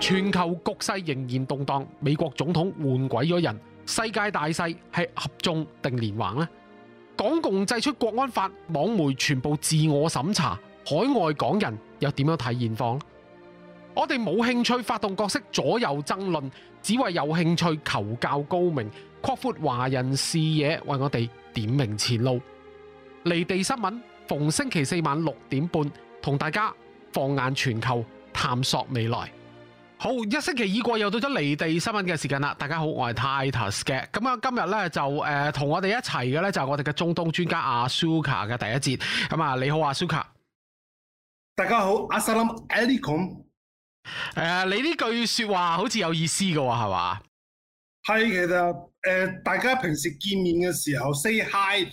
全球局勢仍然動蕩，美國總統換鬼咗人，世界大勢係合縱定連橫咧？港共制出國安法，網媒全部自我審查，海外港人又點樣睇現況咧？我哋冇興趣發動角色左右爭論，只為有興趣求教高明，擴闊，闊華人視野，為我哋點明前路。離地新聞逢星期四晚六點半，同大家放眼全球，探索未來。好，一星期已過，又到咗離地新聞嘅時間啦！大家好，我係 Titus 嘅。咁啊，今日咧就誒同、呃、我哋一齊嘅咧就係我哋嘅中東專家阿 Suka 嘅第一節。咁、嗯、啊，你好阿 Suka。大家好，Assalamualaikum。誒，你呢句說話好似有意思嘅喎，係嘛？係，其實誒，大家平時見面嘅時候 say hi，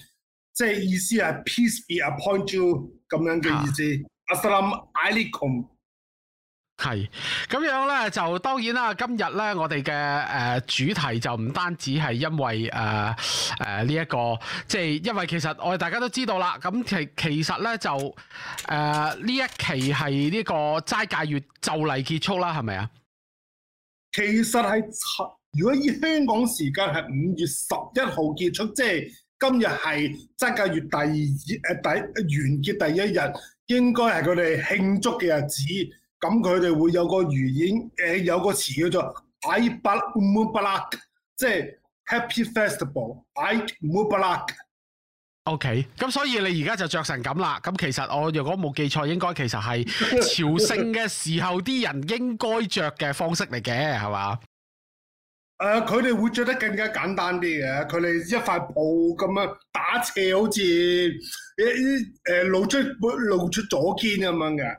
即係意思係 peace be upon you 咁樣嘅意思。阿 s, Yeah . Assalamualaikum 係咁樣咧，就當然啦。今日咧，我哋嘅誒主題就唔單止係因為誒誒呢一個，即係因為其實我哋大家都知道啦。咁、嗯、其其實咧就誒呢一期係呢個齋戒月就嚟結束啦，係咪啊？其實係、呃，如果以香港時間係五月十一號結束，即係今日係齋戒月第二誒第、呃、完結第一日，應該係佢哋慶祝嘅日子。咁佢哋會有個語言，誒、呃、有個詞叫做 I bala mu bala，即係 Happy Festival。I mu bala。OK，咁所以你而家就着成咁啦。咁其實我若果冇記錯，應該其實係朝聖嘅時候啲人應該着嘅方式嚟嘅，係嘛 吧？誒、呃，佢哋會着得更加簡單啲嘅。佢哋一塊布咁樣打斜好，好似誒露出露出左肩咁樣嘅。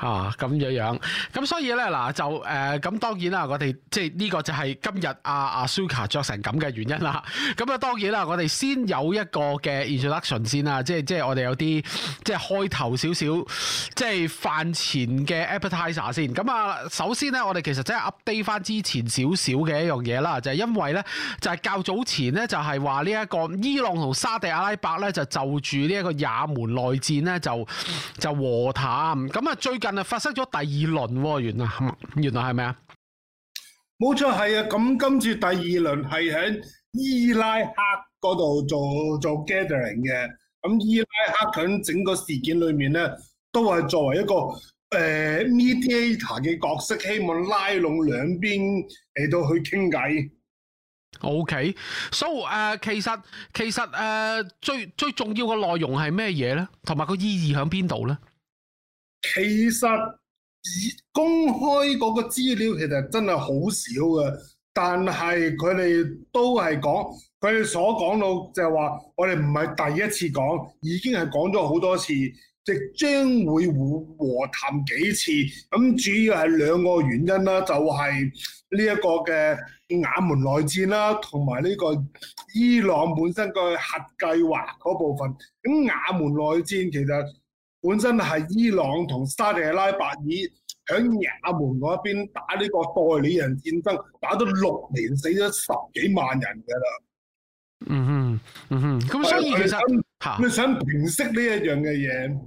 啊，咁樣樣，咁、啊、所以咧嗱就誒，咁當然啦，我哋即係呢個就係今日阿阿 Asuka 着成咁嘅原因啦。咁啊，當然啦，這個啊， 我哋先有一個嘅 introduction 先啦，即係即係我哋有啲即係開頭少少，即係飯前嘅 appetizer 先。咁啊，首先咧，我哋其實真係 update 翻之前少少嘅一樣嘢啦，就係、是、因為咧，就係、是、較早前咧就係話呢一個伊朗同沙地阿拉伯咧就就住呢一個也門內戰咧就就和談。咁啊，最近係發生咗第二輪原來係咩？原來係咩啊？冇、嗯、錯，係啊！咁今次第二輪係喺伊拉克嗰度做做 gathering 嘅。咁伊拉克響整個事件裏面咧，都係作為一個誒、呃、mediator 嘅角色，希望拉攏兩邊嚟到去傾偈。OK，so、okay. 誒、uh，其實其實誒最最重要嘅內容係咩嘢咧？同埋個意義喺邊度咧？其實公開嗰個資料其實真係好少嘅，但係佢哋都係講，佢哋所講到就係話，我哋唔係第一次講，已經係講咗好多次，即將會和談幾次。咁主要係兩個原因啦，就係呢一個嘅也門內戰啦，同埋呢個伊朗本身嘅核計劃嗰部分。咁也門內戰其實。本身係伊朗同沙特阿拉伯以喺也門嗰邊打呢個代理人戰爭，打咗六年，死咗十幾萬人噶啦。嗯哼，嗯哼，咁所以其實你想平、嗯、哼息呢一樣嘅嘢。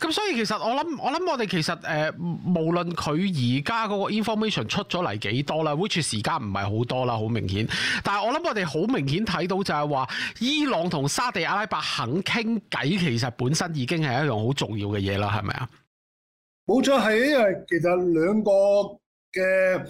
咁、啊、所以其實我諗，我諗我哋其實誒、呃，無論佢而家嗰個 information 出咗嚟幾多啦，which 時間唔係好多啦，好明顯。但係我諗我哋好明顯睇到就係話，伊朗同沙地阿拉伯肯傾偈，其實本身已經係一樣好重要嘅嘢啦，係咪啊？冇錯，係因為其實兩個嘅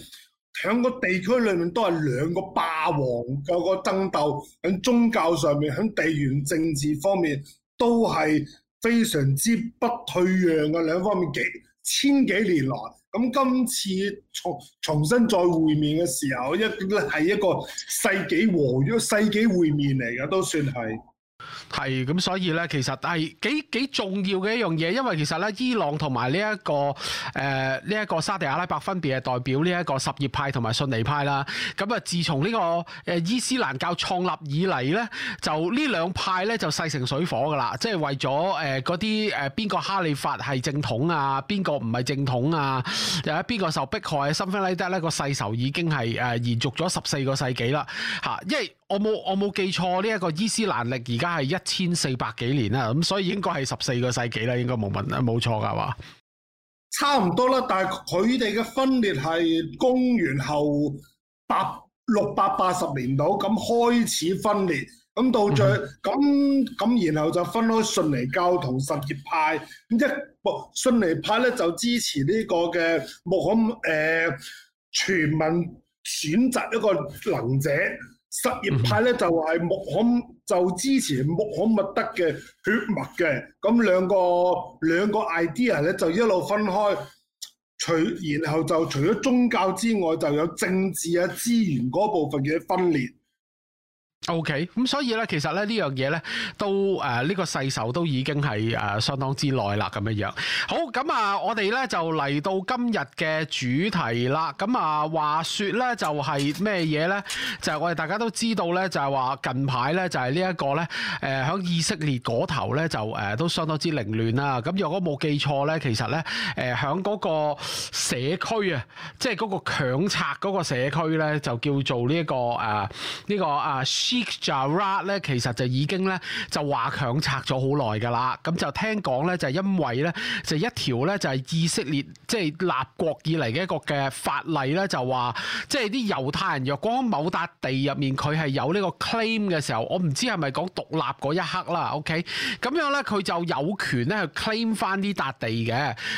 響個地區裏面都係兩個霸王嘅個爭鬥，響宗教上面，響地緣政治方面都係。非常之不退讓嘅兩方面，幾千幾年來，咁今次重重新再會面嘅時候，一係一個世紀和約、世紀會面嚟嘅，都算係。係咁，所以咧，其實係幾幾重要嘅一樣嘢，因為其實咧，伊朗同埋呢一個誒呢一個沙地阿拉伯分別係代表呢一個什葉派同埋遜尼派啦。咁啊，自從呢個誒伊斯蘭教創立以嚟咧，就呢兩派咧就勢成水火㗎啦，即係為咗誒嗰啲誒邊個哈利法係正統啊，邊個唔係正統啊？又喺邊個受迫害啊？Something like that 咧，個世仇已經係誒、呃、延續咗十四個世紀啦。嚇、啊，因、yeah。為我冇我冇記錯呢一個伊斯蘭歷而家係一千四百幾年啦，咁所以應該係十四個世紀啦，應該冇問啦，冇錯㗎嘛？差唔多啦，但係佢哋嘅分裂係公元後八六百八十年度咁開始分裂，咁到最咁咁，嗯、然後就分開遜尼教同什葉派。咁即係遜尼派咧就支持呢個嘅穆罕誒全民選擇一個能者。什葉派咧就係穆罕就支持穆罕默德嘅血脈嘅，咁兩個兩個 idea 咧就一路分開，除然後就除咗宗教之外，就有政治啊資源嗰部分嘅分裂。O K，咁所以咧，其實咧呢樣嘢咧，都誒呢、呃這個世仇都已經係誒、呃、相當之耐啦，咁樣樣。好，咁啊，我哋咧就嚟到今日嘅主題啦。咁啊，話說咧就係咩嘢咧？就係、是就是、我哋大家都知道咧，就係、是、話近排咧就係、是、呢一個咧，誒、呃、響以色列嗰頭咧就誒、呃、都相當之凌亂啦。咁如果冇記錯咧，其實咧誒響嗰個社區啊，即係嗰個強拆嗰個社區咧，就叫做呢、這、一個誒呢、呃這個啊。這個啊啊啊啊啊 Jezra 咧，其實就已經咧就話強拆咗好耐㗎啦。咁就聽講咧，就係因為咧就一條咧就係以色列即係、就是、立國以嚟嘅一個嘅法例咧，就話即係啲猶太人若果某笪地入面佢係有呢個 claim 嘅時候，我唔知係咪講獨立一刻啦。OK，咁樣咧佢就有權咧去 claim 翻呢笪地嘅。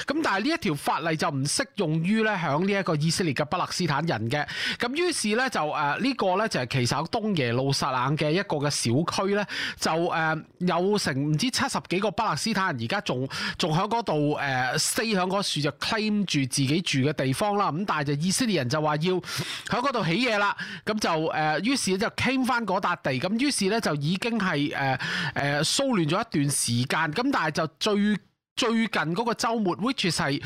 咁但係呢一條法例就唔適用於咧響呢一個以色列嘅巴勒斯坦人嘅。咁於是咧就誒呢、呃這個咧就係其實喺東耶路。冷嘅一個嘅小區呢，就誒、呃、有成唔知七十幾個巴勒斯坦人，而家仲仲喺嗰度誒 stay 喺嗰樹就 claim 住自己住嘅地方啦。咁但係就以色列人就話要喺嗰度起嘢啦，咁就誒、呃，於是就傾翻嗰笪地，咁於是呢，就已經係誒誒騷亂咗一段時間。咁但係就最最近嗰個週末，which 係。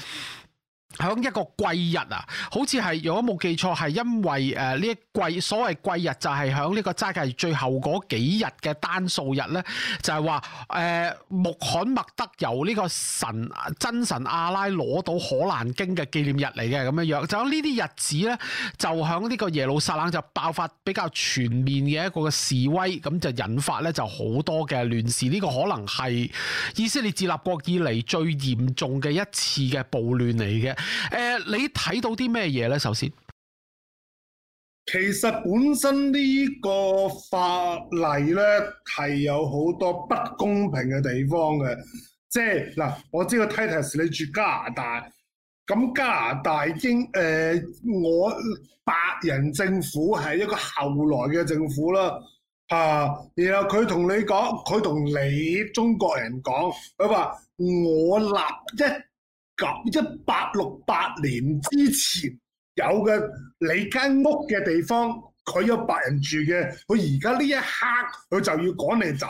喺一個季日啊，好似係如果冇記錯，係因為誒呢、呃、一季所謂季日就係喺呢個齋戒月最後嗰幾日嘅單數日咧，就係話誒穆罕默德由呢個神真神阿拉攞到可蘭經嘅紀念日嚟嘅咁樣樣。就喺呢啲日子咧，就喺呢個耶路撒冷就爆發比較全面嘅一個示威，咁就引發咧就好多嘅亂事。呢、這個可能係以色列自立國以嚟最嚴重嘅一次嘅暴亂嚟嘅。誒，你睇到啲咩嘢咧？首先，其實本身呢個法例咧係有好多不公平嘅地方嘅，即係嗱，我知道 Titus 你住加拿大，咁加拿大英誒、呃、我白人政府係一個後來嘅政府啦，啊，然後佢同你講，佢同你中國人講，佢話我立一。一八六八年之前有嘅你間屋嘅地方，佢有白人住嘅，佢而家呢一刻佢就要趕你走，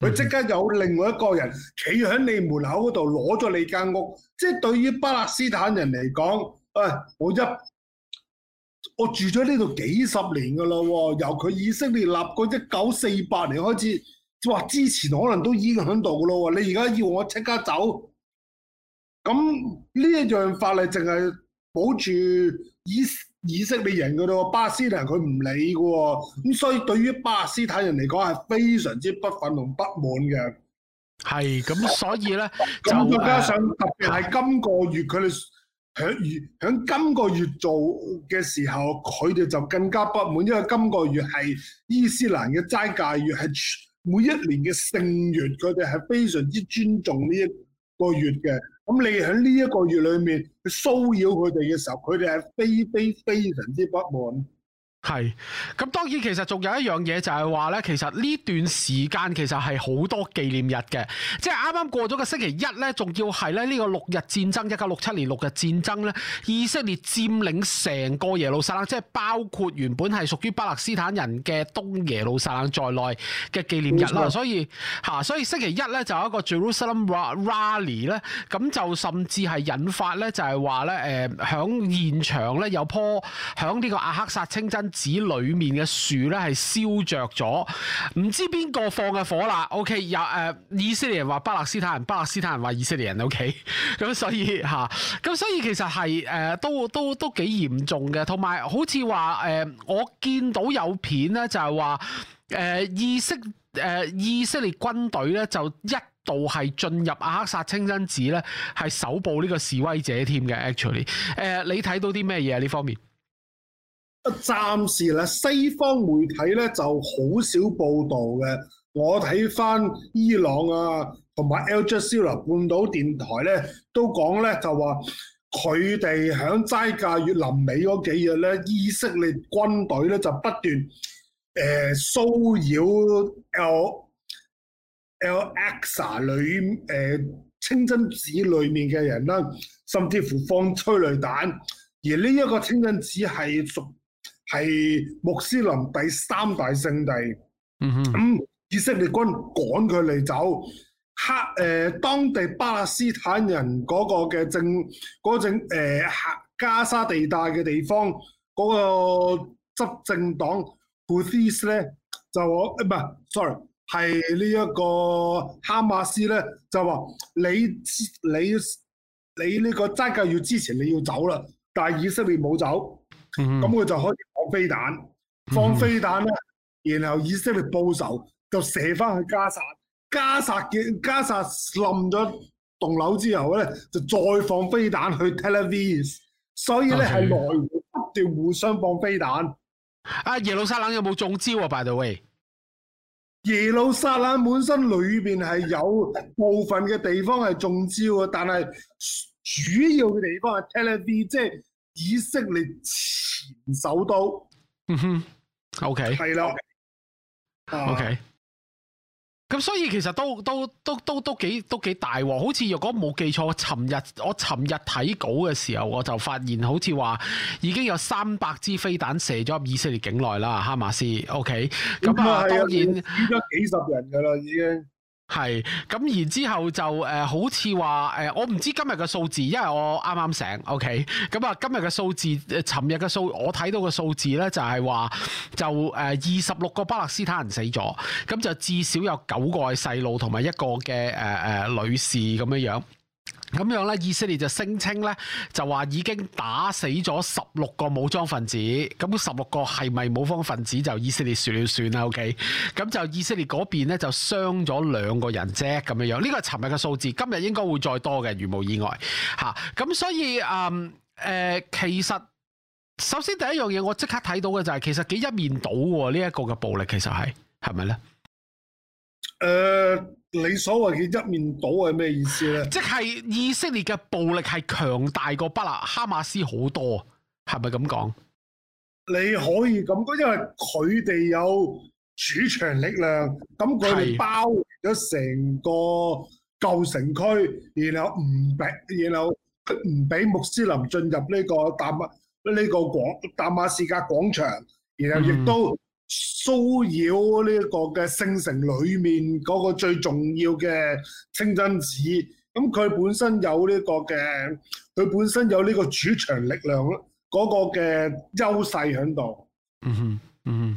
佢即刻有另外一個人企喺你門口嗰度攞咗你間屋。即係對於巴勒斯坦人嚟講，誒，我一我住咗呢度幾十年噶啦，由佢以色列立國一九四八年開始，哇，之前可能都已經喺度噶啦，你而家要我即刻走？咁呢一樣法例淨係保住以以色列人嗰度，巴勒斯坦佢唔理嘅，咁所以對於巴勒斯坦人嚟講係非常之不憤同不滿嘅。係咁，所以咧，就再加上特別係今個月佢哋響響今個月做嘅時候，佢哋就更加不滿，因為今個月係伊斯蘭嘅齋戒月，係每一年嘅聖月，佢哋係非常之尊重呢一個月嘅。咁你喺呢一個月裏面去騷擾佢哋嘅時候，佢哋係非非非常之不滿。係，咁當然其實仲有一樣嘢就係話咧，其實呢段時間其實係好多紀念日嘅，即係啱啱過咗個星期一咧，仲要係咧呢個六日戰爭，一九六七年六日戰爭咧，以色列佔領成個耶路撒冷，即係包括原本係屬於巴勒斯坦人嘅東耶路撒冷在內嘅紀念日啦，錯所以吓所以星期一咧就有一個 Jerusalem Rally 咧，咁就甚至係引發咧就係話咧誒響現場咧有棵響呢個阿克薩清真。紙裡面嘅樹咧係燒着咗，唔知邊個放嘅火啦。OK，有誒、呃，以色列人話巴勒斯坦人，巴勒斯坦人話以色列人。OK，咁 所以嚇，咁、啊、所以其實係誒、呃、都都都幾嚴重嘅，同埋好似話誒，我見到有片咧就係話誒，以色誒、呃、以色列軍隊咧就一度係進入阿克薩清真寺咧，係首部呢個示威者添嘅。Actually，誒、呃，你睇到啲咩嘢喺呢方面？暫時咧，西方媒體咧就好少報導嘅。我睇翻伊朗啊，同埋 Al Jazeera 半島電台咧都講咧，就話佢哋響齋戒月臨尾嗰幾日咧，以色列軍隊咧就不斷誒、呃、騷擾 Al-Aqsa 裏清真寺裏面嘅人啦，甚至乎放催淚彈。而呢一個清真寺係屬係穆斯林第三大聖地，咁、嗯哼嗯、以色列軍趕佢嚟走，黑誒、呃、當地巴勒斯坦人嗰個嘅政嗰政誒哈加沙地帶嘅地方嗰、嗰個執政黨胡斯咧就話誒唔係，sorry 係呢一個哈馬斯咧就話你你你呢個齋教要支持你要走啦，但係以色列冇走。咁佢、mm hmm. 就可以放飛彈，放飛彈咧，mm hmm. 然後以色列報仇就射翻去加薩，加薩嘅加薩冧咗棟樓之後咧，就再放飛彈去 Tel Aviv，所以咧係來回不斷互相放飛彈。阿、啊的啊、耶路撒冷有冇中招啊？By the way，耶路撒冷本身裏邊係有部分嘅地方係中招啊，但係主要嘅地方係 Tel Aviv，即、就、係、是。以色列前首都，嗯哼 ，OK，係囉，OK，咁所以其實都都都都都幾都幾大鑊、哦，好似若果冇記錯，尋日我尋日睇稿嘅時候，我就發現好似話已經有三百支飛彈射咗入以色列境內啦，哈馬斯，OK，咁、嗯 okay. 啊，嗯、當然死咗幾十人噶啦，已經。係咁，然之後就誒、呃，好似話誒，我唔知今日嘅數字，因為我啱啱醒。OK，咁、嗯、啊，今日嘅數字誒，尋日嘅數，我睇到嘅數字咧，就係、是、話就誒，二十六個巴勒斯坦人死咗，咁、嗯、就至少有九個係細路，同埋一個嘅誒誒女士咁樣樣。咁樣咧，以色列就聲稱咧，就話已經打死咗十六個武裝分子。咁十六個係咪武裝分子，就以色列說了算啦。OK，咁就以色列嗰邊咧就傷咗兩個人啫。咁樣樣，呢、這個係尋日嘅數字，今日應該會再多嘅，如無意外嚇。咁、啊、所以誒，誒、嗯呃、其實首先第一樣嘢、就是，我即刻睇到嘅就係其實幾一面倒喎。呢、這、一個嘅暴力其實係係咪咧？誒。Uh 你所謂嘅一面倒係咩意思咧？即係以色列嘅暴力係強大過巴勒哈馬斯好多，係咪咁講？你可以咁講，因為佢哋有主場力量，咁佢哋包咗成個舊城區，然後唔俾，然後唔俾穆斯林進入呢個大馬呢、呢個廣大馬士革廣場，然後亦都。嗯騷擾呢個嘅聖城裏面嗰個最重要嘅清真寺，咁佢本身有呢個嘅，佢本身有呢個主場力量嗰個嘅優勢喺度。嗯哼。嗯，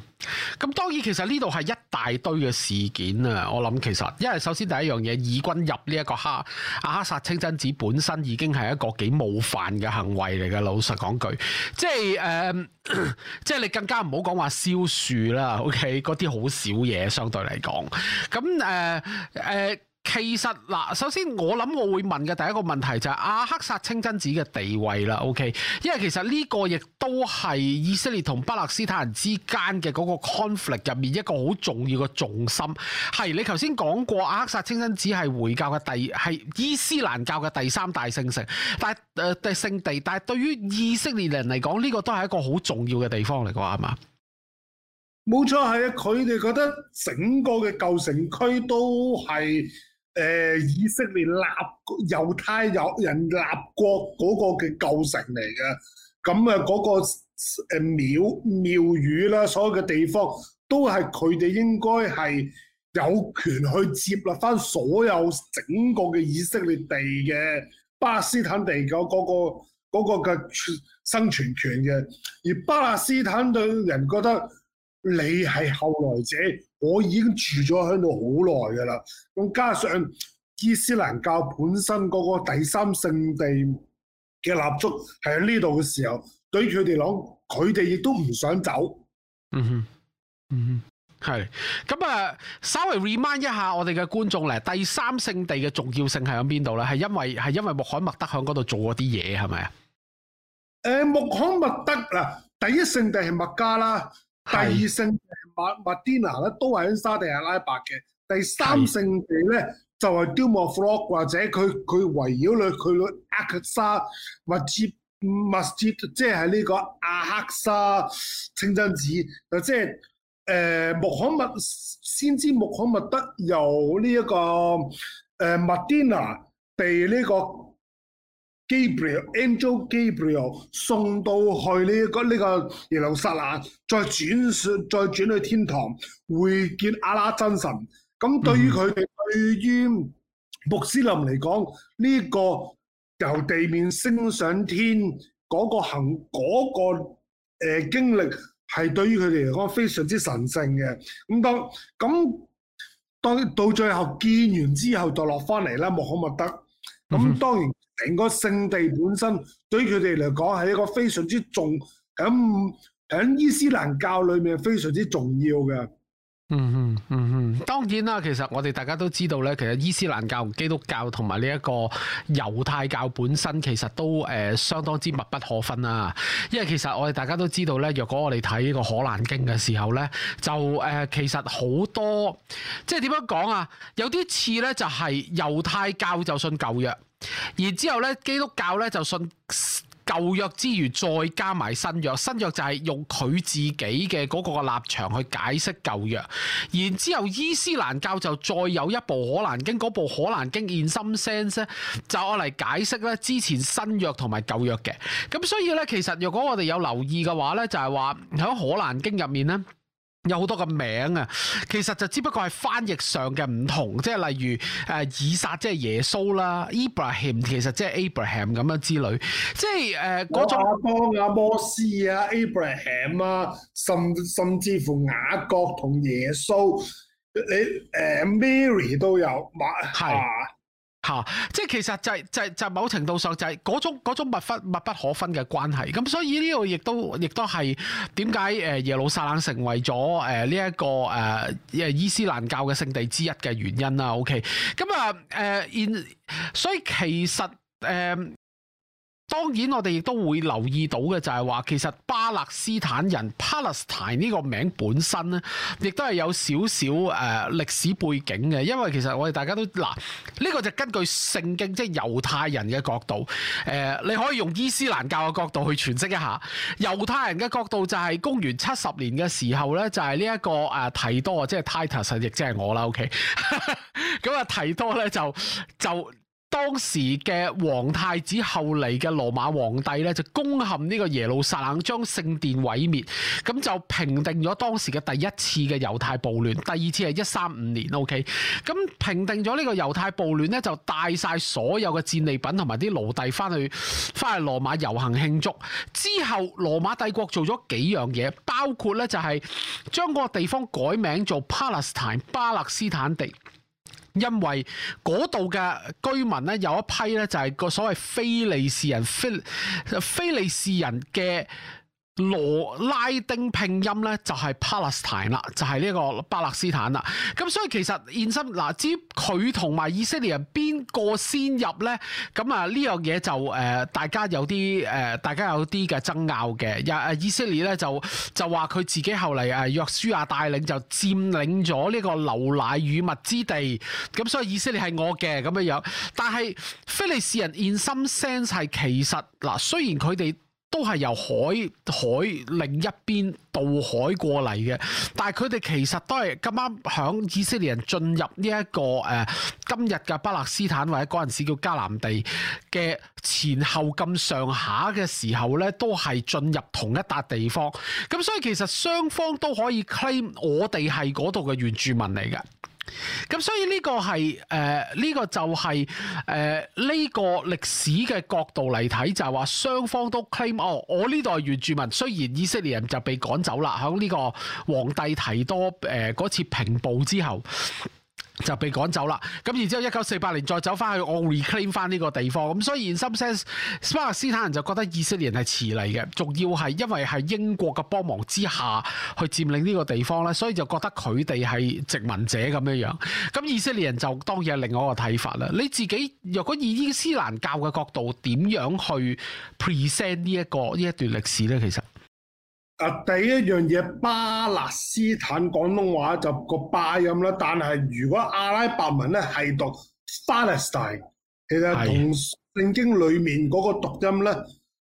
咁當然其實呢度係一大堆嘅事件啊！我諗其實，因為首先第一樣嘢，以軍入呢一個哈阿克薩清真寺本身已經係一個幾冒犯嘅行為嚟嘅。老實講句，即係誒、呃，即係你更加唔好講話燒樹啦。OK，嗰啲好少嘢，相對嚟講，咁誒誒。呃呃其實嗱，首先我諗我會問嘅第一個問題就係阿克薩清真寺嘅地位啦，OK？因為其實呢個亦都係以色列同巴勒斯坦人之間嘅嗰個 conflict 入面一個好重要嘅重心。係你頭先講過阿克薩清真寺係回教嘅第係伊斯蘭教嘅第三大聖城，但係誒第聖地，但係對於以色列人嚟講，呢個都係一個好重要嘅地方嚟㗎嘛？冇錯，係啊！佢哋覺得整個嘅舊城區都係。誒、呃，以色列立猶太有人立國嗰個嘅構成嚟嘅，咁啊嗰個誒廟廟宇啦，所有嘅地方都係佢哋應該係有權去接納翻所有整個嘅以色列地嘅巴勒斯坦地嘅嗰、嗰個、嗰個嘅生存權嘅，而巴勒斯坦對人覺得。你係後來者，我已經住咗喺度好耐噶啦。咁加上伊斯蘭教本身嗰個第三聖地嘅立足係喺呢度嘅時候，對佢哋嚟講，佢哋亦都唔想走。嗯哼，嗯哼，係咁啊，稍微 remind 一下我哋嘅觀眾嚟。第三聖地嘅重要性係喺邊度咧？係因為係因為穆罕默德響嗰度做咗啲嘢係咪啊？誒、呃，穆罕默德嗱，第一聖地係麥加啦。第二聖地麥麥迪納咧都係喺沙特阿拉伯嘅，第三聖地咧是就係丟莫弗洛或者佢佢圍繞佢佢阿克沙麥接密接即係呢個阿克沙清真寺，就即係誒、呃、穆罕默先知穆罕默德由呢一個誒麥迪納地呢個。呃 Gabriel Angel Gabriel 送到去呢、這個呢、這個耶路撒冷，再轉上再轉去天堂會見阿拉真神。咁對於佢哋，對於穆斯林嚟講，呢、這個由地面升上天嗰、那個行嗰、那個誒、呃、經歷，係對於佢哋嚟講非常之神聖嘅。咁當咁當到最後見完之後，就落返嚟啦，穆罕默德。咁當然、嗯。嗯整個聖地本身對佢哋嚟講係一個非常之重，咁喺伊斯蘭教裏面非常之重要嘅、嗯。嗯嗯嗯嗯，當然啦，其實我哋大家都知道咧，其實伊斯蘭教同基督教同埋呢一個猶太教本身其實都誒、呃、相當之密不可分啊。因為其實我哋大家都知道咧，若果我哋睇呢個《可蘭經》嘅時候咧，就誒、呃、其實好多即係點樣講啊？有啲似咧就係猶太教就信舊約。然之後咧，基督教咧就信舊約之餘，再加埋新約。新約就係用佢自己嘅嗰個立場去解釋舊約。然之後伊斯蘭教就再有一部可蘭經，嗰部可蘭經 in some sense, 就嚟解釋咧之前新約同埋舊約嘅。咁所以咧，其實若果我哋有留意嘅話咧，就係話喺可蘭經入面咧，有好多個名啊，其實就只不過係翻譯上嘅唔同，即係例如誒、呃、以撒即係耶穌啦 Ibrahim 其實即係 Abraham 咁樣之類，即係誒嗰種亞當啊，摩斯啊，Abraham 啊，甚甚至乎雅各同耶穌，你誒、呃、Mary 都有，係、啊。吓，即係、嗯、其實就係、就係、就係、某程度上就係嗰種種密分密不可分嘅關係，咁所以呢個亦都亦都係點解誒耶路撒冷成為咗誒呢一個誒、呃、伊斯蘭教嘅聖地之一嘅原因啦。OK，咁啊誒，呃、in, 所以其實誒。呃當然，我哋亦都會留意到嘅就係話，其實巴勒斯坦人 （Palestine） 呢個名本身咧，亦都係有少少誒歷史背景嘅。因為其實我哋大家都嗱，呢個就根據聖經，即係猶太人嘅角度。誒、呃，你可以用伊斯蘭教嘅角度去詮釋一下。猶太人嘅角度就係公元七十年嘅時候咧，就係呢一個誒、呃、提多，即係 Titus，亦即係我啦。OK，咁啊，提多咧就就。就當時嘅皇太子後嚟嘅羅馬皇帝咧，就攻陷呢個耶路撒冷，將聖殿毀滅，咁就平定咗當時嘅第一次嘅猶太暴亂。第二次係一三五年，OK，咁平定咗呢個猶太暴亂咧，就帶晒所有嘅戰利品同埋啲奴隸翻去，翻去羅馬遊行慶祝。之後羅馬帝國做咗幾樣嘢，包括咧就係將嗰個地方改名做 Palestine 巴勒斯坦，巴勒斯坦地。因為嗰度嘅居民咧，有一批咧，就係個所謂非利士人，非非利士人嘅。羅拉丁拼音咧就係 Palestine 啦，就係呢個巴勒斯坦啦。咁所以其實現身嗱，至於佢同埋以色列人邊個先入咧？咁啊呢樣嘢就誒、呃，大家有啲誒、呃，大家有啲嘅爭拗嘅。又啊，以色列咧就就話佢自己後嚟啊，約書亞帶領就佔領咗呢個牛奶與蜜之地。咁所以以色列係我嘅咁樣樣。但係非利士人現身聲係其實嗱、呃，雖然佢哋都係由海海另一邊渡海過嚟嘅，但係佢哋其實都係咁啱響以色列人進入呢、這、一個誒、呃、今日嘅巴勒斯坦或者嗰陣時叫迦南地嘅前後咁上下嘅時候咧，都係進入同一笪地方，咁所以其實雙方都可以 claim 我哋係嗰度嘅原住民嚟嘅。咁所以呢個係誒，呢個就係誒，呢個歷史嘅角度嚟睇，就係、是、話雙方都 claim 哦，我呢代原住民雖然以色列人就被趕走啦，響呢個皇帝提多誒嗰、呃、次平暴之後。就被趕走啦。咁然之後，一九四八年再走翻去，我 reclaim 翻呢個地方。咁所以，現今巴勒斯坦人就覺得以色列人係遲嚟嘅，仲要係因為係英國嘅幫忙之下去佔領呢個地方咧，所以就覺得佢哋係殖民者咁樣樣。咁以色列人就當然係另外一個睇法啦。你自己若果以伊斯蘭教嘅角度，點樣去 present、這個、呢一個呢一段歷史咧？其實？啊，第一樣嘢巴勒斯坦廣東話就個巴音啦，但係如果阿拉伯文咧係讀 Palestine，其實同聖經裡面嗰個讀音咧，誒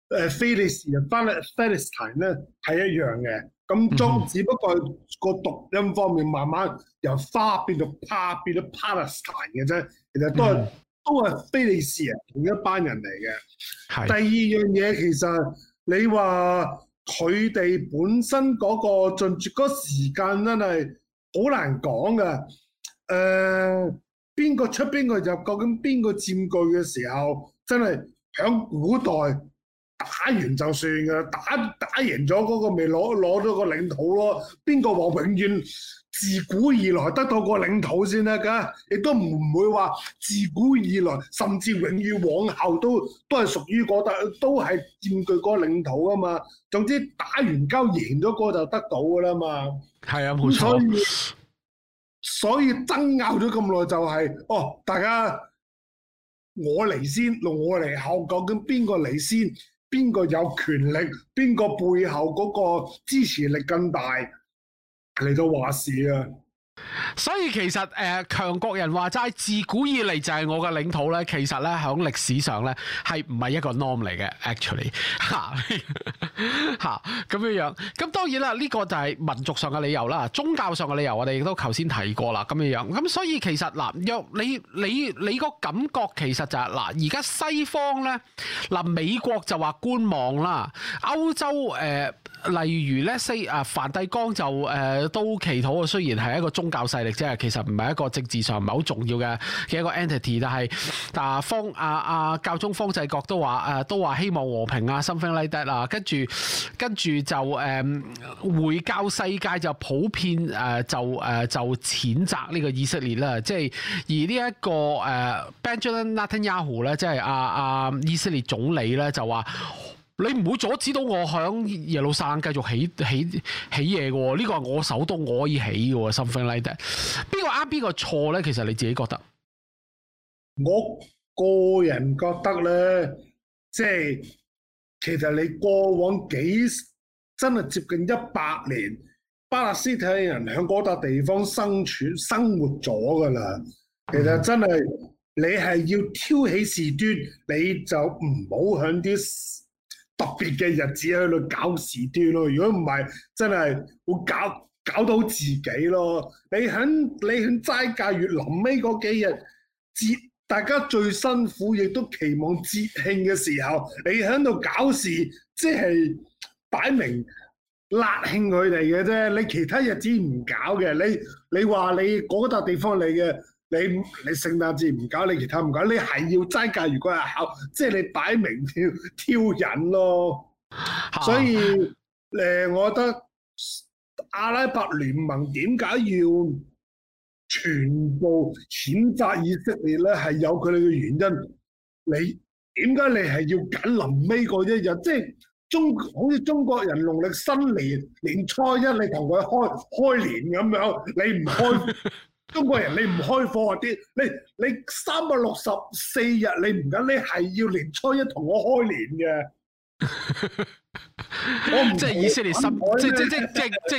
的菲利士人 Palestine 咧係一樣嘅，咁總、嗯、只不過個讀音方面慢慢由花變到帕變 Palestine 嘅啫，其實都係、嗯、都係菲利士人同一班人嚟嘅。係的。第二樣嘢其實你話。你佢哋本身嗰個進駐嘅時間真係好難講㗎，誒邊個出邊個入，究竟邊個佔據嘅時候，真係喺古代。打完就算噶啦，打打贏咗嗰個咪攞攞咗個領土咯。邊個話永遠自古以來得到個領土先得噶？亦都唔會話自古以來，甚至永遠往後都都係屬於嗰個，都係佔據嗰個領土啊嘛。總之打完交贏咗個就得到噶啦嘛。係啊，冇錯。所以所以爭拗咗咁耐就係哦，大家我嚟先，同我嚟後，究竟邊個嚟先？邊個有權力，邊個背後嗰個支持力更大，嚟到話事啊。所以其實誒，強、呃、國人話齋自古以嚟就係我嘅領土咧，其實咧響歷史上咧係唔係一個 norm 嚟嘅，actually 吓吓咁樣樣。咁當然啦，呢、這個就係民族上嘅理由啦，宗教上嘅理由我哋亦都頭先提過啦，咁樣樣。咁所以其實嗱，若、呃、你你你個感覺其實就係、是、嗱，而、呃、家西方咧，嗱、呃、美國就話觀望啦，歐洲誒。呃例如咧 say 啊、uh,，梵蒂岡就誒都祈禱，啊，雖然係一個宗教勢力，即係其實唔係一個政治上唔係好重要嘅嘅一個 entity，但係但、uh, 方啊啊、uh, 教宗方濟各都話啊，uh, 都話希望和平啊，something like that 啦，跟住跟住就誒，回、uh, 教世界就普遍誒、uh, 就誒、uh, 就譴責呢個以色列啦，即、就、係、是、而、這個 uh, 呢一個誒 Benjamin Netanyahu 咧，即係啊啊以色列總理咧就話。你唔會阻止到我響耶魯山繼續起起起嘢嘅喎？呢個係我首都我可以起喎。Something like that，邊個啱邊個錯咧？其實你自己覺得。我個人覺得咧，即係其實你過往幾真係接近一百年，巴勒斯坦人喺嗰笪地方生存生活咗㗎啦。其實真係你係要挑起事端，你就唔好喺啲。特別嘅日子喺度搞事端咯，如果唔係真係會搞搞到自己咯。你喺你喺齋戒月臨尾嗰幾日節，大家最辛苦亦都期望節慶嘅時候，你喺度搞事，即係擺明辣㷫佢哋嘅啫。你其他日子唔搞嘅，你你話你嗰笪地方嚟嘅。你你聖誕節唔搞，你其他唔搞，你係要齋戒，如果係考，即係你擺明要挑釁咯。所以誒、啊呃，我覺得阿拉伯聯盟點解要全部譴責以色列咧，係有佢哋嘅原因。你點解你係要揀臨尾嗰一日？即、就、係、是、中好似中國人農曆新年年初一，你同佢開開年咁樣，你唔開。 中國人你唔開課啲，你你三百六十四日你唔緊，你係要年初一同我開年嘅，我即係以色列失，即即即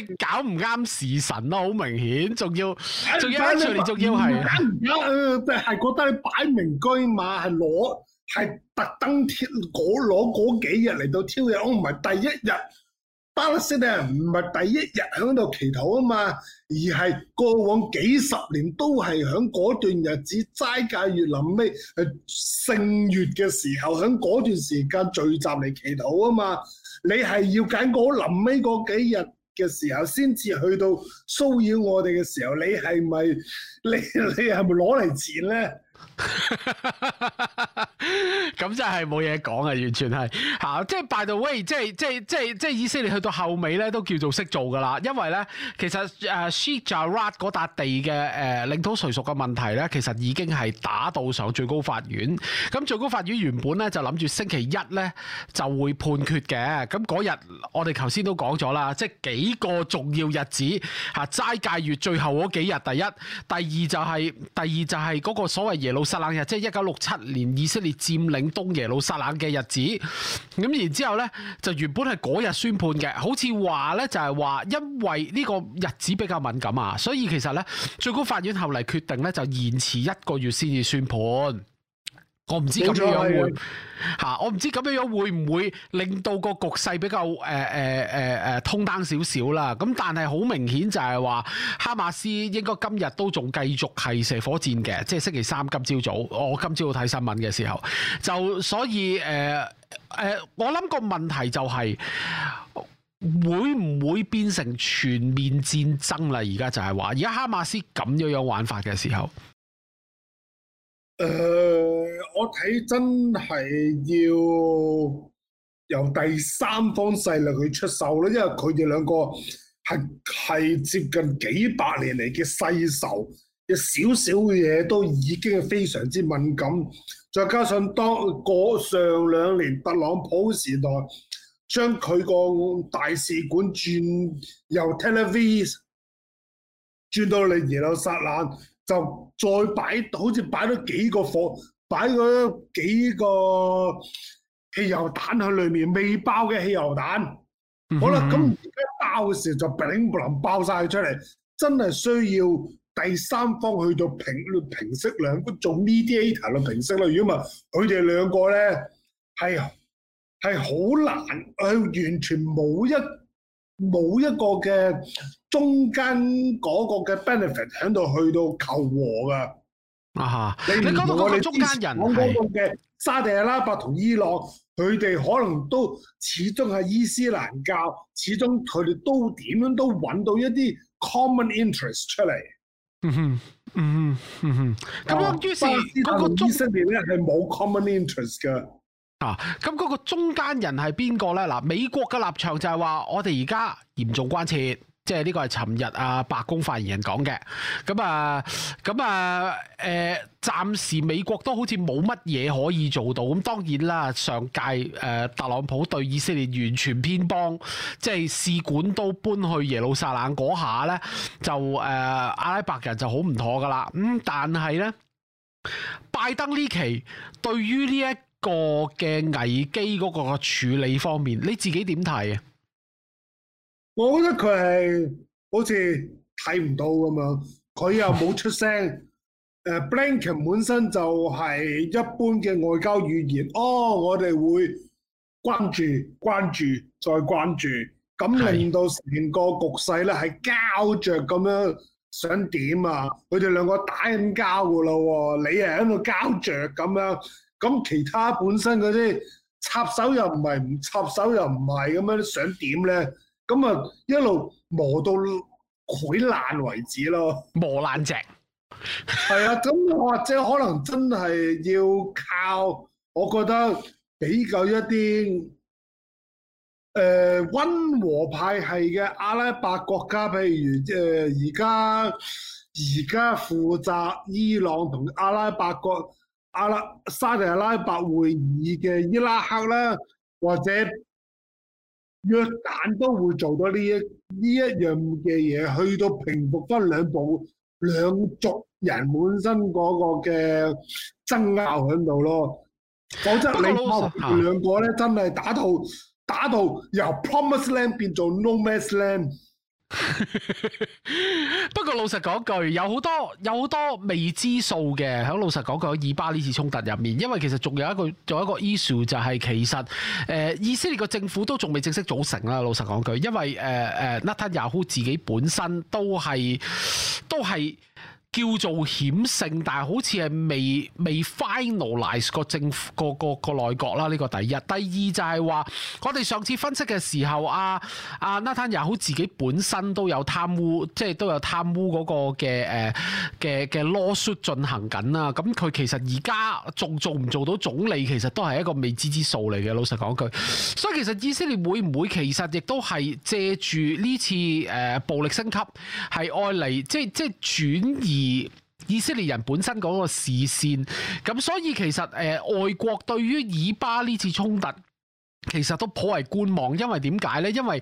即即搞唔啱時辰咯，好明顯，仲要仲要一除嚟，仲要係，啱唔啱？係覺得你擺明居馬係攞係特登挑攞嗰幾日嚟到挑嘢，我唔係第一日。巴勒斯咧唔係第一日喺度祈禱啊嘛，而係過往幾十年都係喺嗰段日子齋戒月臨尾誒聖月嘅時候，喺嗰段時間聚集嚟祈禱啊嘛。你係要揀嗰臨尾嗰幾日嘅時候，先至去到騷擾我哋嘅時候，你係咪你你係咪攞嚟錢咧？咁真係冇嘢講啊，完全係吓、嗯，即係 by the way，即係即係即係即係以色列去到後尾咧，都叫做識做噶啦。因為咧，其實誒、啊、，Sheikh Jarrah 嗰笪地嘅誒、呃，領土誰屬嘅問題咧，其實已經係打到上最高法院。咁最高法院原本咧就諗住星期一咧就會判決嘅。咁嗰日我哋頭先都講咗啦，即係幾個重要日子吓齋戒月最後嗰幾日，第一，第二就係、是、第二就係嗰個所謂嘢。耶路撒冷日，即係一九六七年以色列佔領東耶路撒冷嘅日子。咁然之後咧，就原本係嗰日宣判嘅，好似話呢就係話，因為呢個日子比較敏感啊，所以其實呢，最高法院後嚟決定呢，就延遲一個月先至宣判。我唔知咁樣樣會吓，我唔知咁樣樣會唔會令到個局勢比較誒誒誒誒通單少少啦。咁但係好明顯就係話哈馬斯應該今日都仲繼續係射火箭嘅，即係星期三今朝早，早，我今朝睇新聞嘅時候就所以誒誒、呃呃，我諗個問題就係、是、會唔會變成全面戰爭啦？而家就係話而家哈馬斯咁樣樣玩法嘅時候，誒、呃。我睇真係要由第三方勢力去出售咯，因為佢哋兩個係係接近幾百年嚟嘅世仇，有少少嘢都已經非常之敏感。再加上當嗰上兩年特朗普時代，將佢個大使館轉由 Tel Aviv 轉到嚟耶路撒冷，就再擺好似擺咗幾個火。擺嗰幾個汽油彈喺裏面，未爆嘅汽油彈，嗯、哼好啦，咁爆嘅時候就乒噉冧爆曬出嚟，真係需要第三方去到平平息兩方做 mediator 嚟平息啦。如果唔係，佢哋兩個咧係係好難，去完全冇一冇一個嘅中間嗰個嘅 benefit 喺度去到求和噶。啊哈！你講到嗰個中間人，我講到 個嘅沙地阿拉伯同伊朗，佢哋是可能都始終係伊斯蘭教，始終佢哋都點樣都搵到一啲 common interest 出嚟，嗯。嗯哼，嗯哼，嗯哼。咁樣於是嗰個中性間咧係冇 common interest 噶。啊，咁嗰個中間人係邊個咧？嗱，美國嘅立場就係話，我哋而家嚴重關切。即係呢個係尋日啊白宮發言人講嘅，咁啊，咁啊，誒、呃，暫時美國都好似冇乜嘢可以做到，咁當然啦，上屆誒、呃、特朗普對以色列完全偏幫，即係使館都搬去耶路撒冷嗰下呢，就誒、呃、阿拉伯人就好唔妥噶啦。咁、嗯、但係呢，拜登呢期對於呢一個嘅危機嗰個處理方面，你自己點睇啊？我覺得佢係好似睇唔到咁樣，佢又冇出聲。誒、 uh, Blinken 本身就係一般嘅外交語言。哦、oh，我哋會關注、關注、再關注，咁令到成個局勢咧係膠著咁樣，想點啊？佢哋兩個打緊交噶啦，你係喺度膠着咁樣，咁其他本身嗰啲插手又唔係唔插手又唔係咁樣，想點咧？咁啊，一路磨到潰爛為止咯，磨爛隻。係 啊，咁或者可能真係要靠，我覺得比較一啲誒、呃、溫和派系嘅阿拉伯國家，譬如誒而家而家負責伊朗同阿拉伯國阿拉沙特阿拉伯會議嘅伊拉克啦，或者。約旦都會做到呢一呢一樣嘅嘢，去到平復翻兩部兩族人本身嗰個嘅爭拗喺度咯，否則你兩個咧真係打到打到由 Promise Land 變做 No Mess Land。 不過老實講句，有好多有好多未知數嘅，響老實講句，喺以巴呢次衝突入面，因為其實仲有一個仲有一個 issue 就係、是，其實誒、呃，以色列個政府都仲未正式組成啦。老實講句，因為誒誒，Netanyahu 自己本身都係都係。叫做險勝，但係好似係未未 finalize 個政府個個個內閣啦。呢、這個第一，第二就係話我哋上次分析嘅時候，阿阿納坦雅胡自己本身都有貪污，即係都有貪污個嘅誒嘅嘅 lawsuit 進行緊啦。咁佢其實而家做做唔做到總理，其實都係一個未知之數嚟嘅。老實講句，所以其實以色列會唔會其實亦都係借住呢次誒、啊、暴力升級，係愛嚟即係即係轉移。而以色列人本身嗰個視線，咁所以其實誒、呃、外國對於以巴呢次衝突。其實都頗為觀望，因為點解咧？因為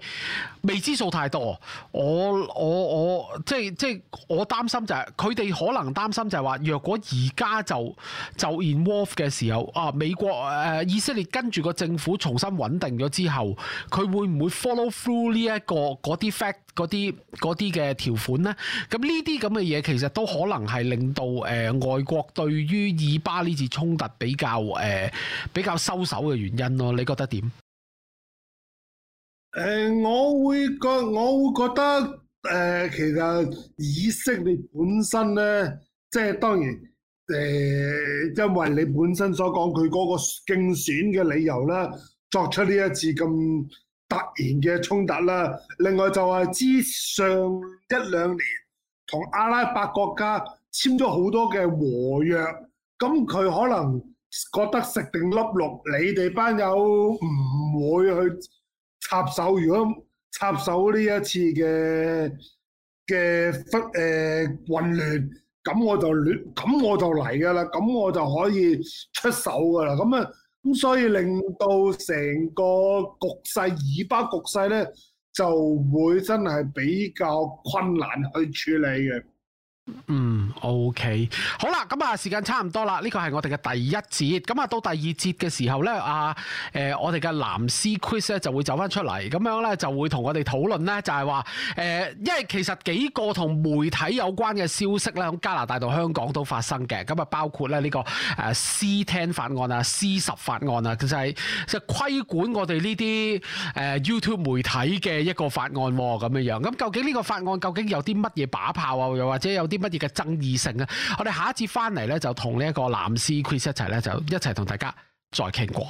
未知數太多。我我我即係即係，我擔心就係佢哋可能擔心就係、是、話，若果而家就就 in war 嘅時候啊，美國誒、啊、以色列跟住個政府重新穩定咗之後，佢會唔會 follow through、這個、fact，呢一個啲 fact 啲啲嘅條款咧？咁呢啲咁嘅嘢，其實都可能係令到誒、呃、外國對於以巴呢次衝突比較誒、呃、比較收手嘅原因咯。你覺得點？誒、呃，我會覺我會覺得誒、呃，其實以色列本身咧，即係當然誒、呃，因為你本身所講佢嗰個競選嘅理由啦，作出呢一次咁突然嘅衝突啦。另外就係、是、之上一兩年同阿拉伯國家簽咗好多嘅和約，咁佢可能覺得食定粒綠，你哋班友唔會去。插手，如果插手呢一次嘅嘅誒混亂，咁我就亂，咁我就嚟噶啦，咁我就可以出手噶啦，咁啊咁所以令到成個局勢以巴局勢咧，就會真係比較困難去處理嘅。嗯，OK，好啦，咁啊，時間差唔多啦，呢個係我哋嘅第一節，咁啊到第二節嘅時候呢，啊誒、呃，我哋嘅藍絲 Chris 咧就會走翻出嚟，咁樣呢，就會同我哋討論呢，就係話誒，因為其實幾個同媒體有關嘅消息呢，咁加拿大到香港都發生嘅，咁啊包括咧呢個誒 C10 法案啊、C10 法案啊，其實係即係規管我哋呢啲誒 YouTube 媒體嘅一個法案喎、哦，咁樣樣，咁究竟呢個法案究竟有啲乜嘢把炮啊？又或者有啲乜嘢嘅爭議性啊？我哋下一節翻嚟咧，就同呢一個藍絲 Chris 一齊咧，就一齊同大家再傾過。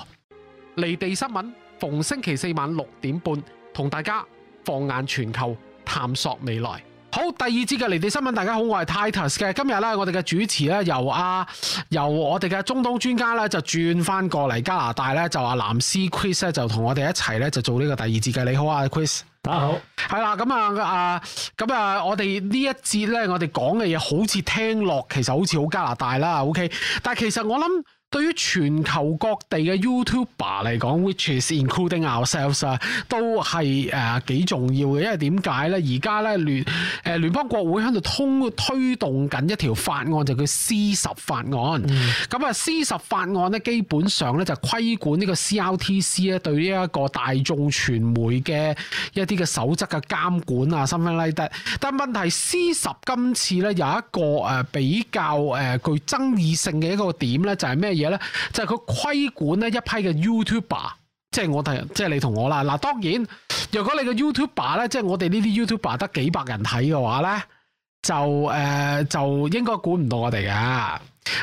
離地新聞逢星期四晚六點半，同大家放眼全球，探索未來。好，第二節嘅離地新聞，大家好，我係 Titus 嘅。今日咧，我哋嘅主持咧，由阿、啊、由我哋嘅中東專家咧，就轉翻過嚟加拿大咧，就話藍絲 Chris 咧，就同我哋一齊咧，就做呢個第二節嘅。你好啊，Chris。大家好，係啦，咁啊，啊，咁啊，我哋呢一節咧，我哋講嘅嘢好似聽落，其實好似好加拿大啦，OK，但係其實我諗。對於全球各地嘅 YouTuber 嚟講，which is including ourselves 啊，都係誒幾重要嘅。因為點解咧？而家咧聯誒聯邦國會喺度通過推動緊一條法案，就叫 C 十法案。咁啊、嗯、，C 十法案咧，基本上咧就規、是、管呢個 CRTC 咧對呢一個大眾傳媒嘅一啲嘅守則嘅監管啊，Something like that。但問題 C 十今次咧有一個誒比較誒、呃、具爭議性嘅一個點咧，就係、是、咩？嘢咧，就係佢規管咧一批嘅 YouTuber，即係我睇，即係你同我啦。嗱，當然，如果你嘅 YouTuber 咧，即係我哋呢啲 YouTuber 得幾百人睇嘅話咧，就誒、呃、就應該管唔到我哋嘅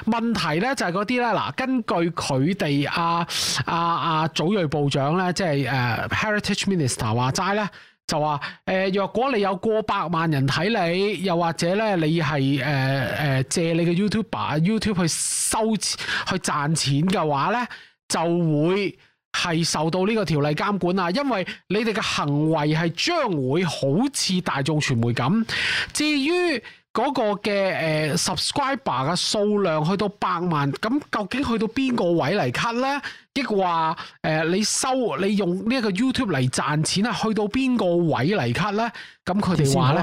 問題咧，就係嗰啲咧。嗱，根據佢哋啊，啊啊，祖瑞部長咧，即係誒 Heritage Minister 話齋咧。就話誒、呃，若果你有過百萬人睇你，又或者咧，你係誒誒借你嘅 YouTube、YouTube 去收錢、去賺錢嘅話咧，就會係受到呢個條例監管啊，因為你哋嘅行為係將會好似大眾傳媒咁。至於，嗰個嘅誒 subscriber 嘅數量去到百萬，咁究竟去到邊個位嚟 cut 咧？亦話誒，你收你用呢一個 YouTube 嚟賺錢啊，去到邊個位嚟 cut 咧？咁佢哋話咧，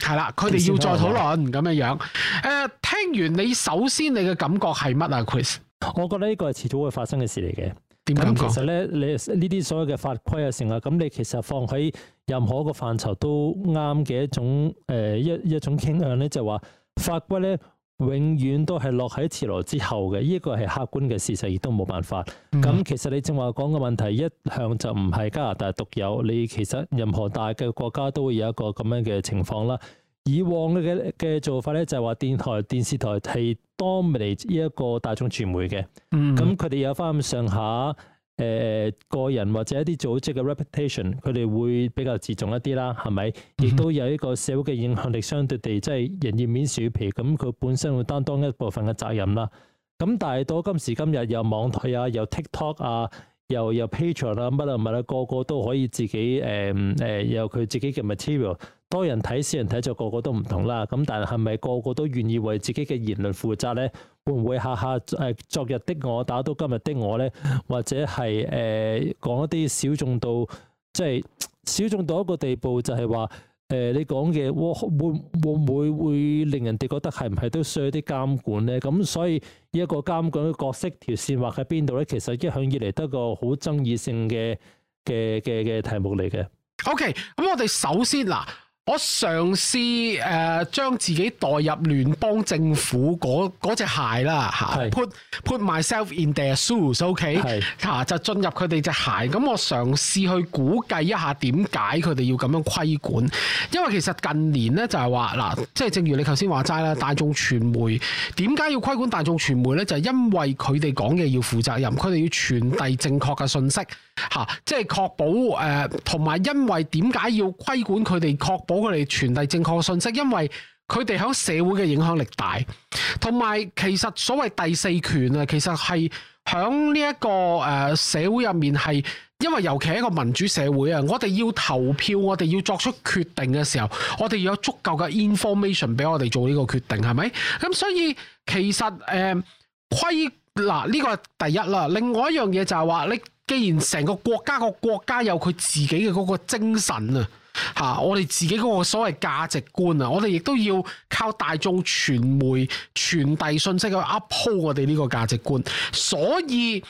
係啦，佢哋要再討論咁樣樣。誒、呃，聽完你首先你嘅感覺係乜啊，Chris？我覺得呢個係遲早會發生嘅事嚟嘅。咁其實咧，你呢啲所有嘅法規啊成啊，咁你其實放喺任何一個範疇都啱嘅一種誒、呃、一一種傾向咧，就話、係、法規咧永遠都係落喺潮流之後嘅，呢個係客觀嘅事實，亦都冇辦法。咁、嗯、其實你正話講嘅問題一向就唔係加拿大獨有，你其實任何大嘅國家都會有一個咁樣嘅情況啦。以往嘅嘅做法咧就係話電台電視台係多嚟呢一個大眾傳媒嘅，咁佢哋有返咁上下誒個人或者一啲組織嘅 reputation，佢哋會比較自重一啲啦，係咪？亦都、嗯、哼有一個社會嘅影響力，相對地即係、就是、人要面，樹要皮，咁佢本身會擔當一部分嘅責任啦。咁但係到今時今日，有網台啊，有 TikTok 啊。又有 Patreon 啦，乜啦乜啦，個個都可以自己誒誒、呃呃、有佢自己嘅 material，多人睇少人睇，就個個都唔同啦。咁但係係咪個個都願意為自己嘅言論負責咧？會唔會下下誒昨日的我打到今日的我咧？或者係誒講一啲小眾到即係、就是、小眾到一個地步就，就係話。誒、呃，你講嘅，會會唔會會令人哋覺得係唔係都需要啲監管咧？咁所以呢一個監管嘅角色，條線畫喺邊度咧？其實一向以嚟都係個好爭議性嘅嘅嘅嘅題目嚟嘅。OK，咁我哋首先嗱。我嘗試誒將自己代入聯邦政府嗰嗰隻鞋啦吓 put put myself in their shoes，ok，、okay? 嚇的、啊、就進入佢哋隻鞋。咁我嘗試去估計一下點解佢哋要咁樣規管，因為其實近年咧就係話嗱，即、啊、係、就是、正如你頭先話齋啦，大眾傳媒點解要規管大眾傳媒咧？就係、是、因為佢哋講嘅要負責任，佢哋要傳遞正確嘅信息吓，即係確保誒同埋因為點解要規管佢哋確保？佢哋傳遞正確嘅信息，因為佢哋響社會嘅影響力大，同埋其實所謂第四權啊，其實係響呢一個誒、呃、社會入面係，因為尤其係一個民主社會啊，我哋要投票，我哋要作出決定嘅時候，我哋要有足夠嘅 information 俾我哋做呢個決定，係咪？咁所以其實誒歸納呢個第一啦，另外一樣嘢就係話，你既然成個國家、個國家有佢自己嘅嗰個精神啊。吓！我哋自己嗰個所謂價值觀啊，我哋亦都要靠大眾傳媒傳遞信息去 uphold 我哋呢個價值觀。所以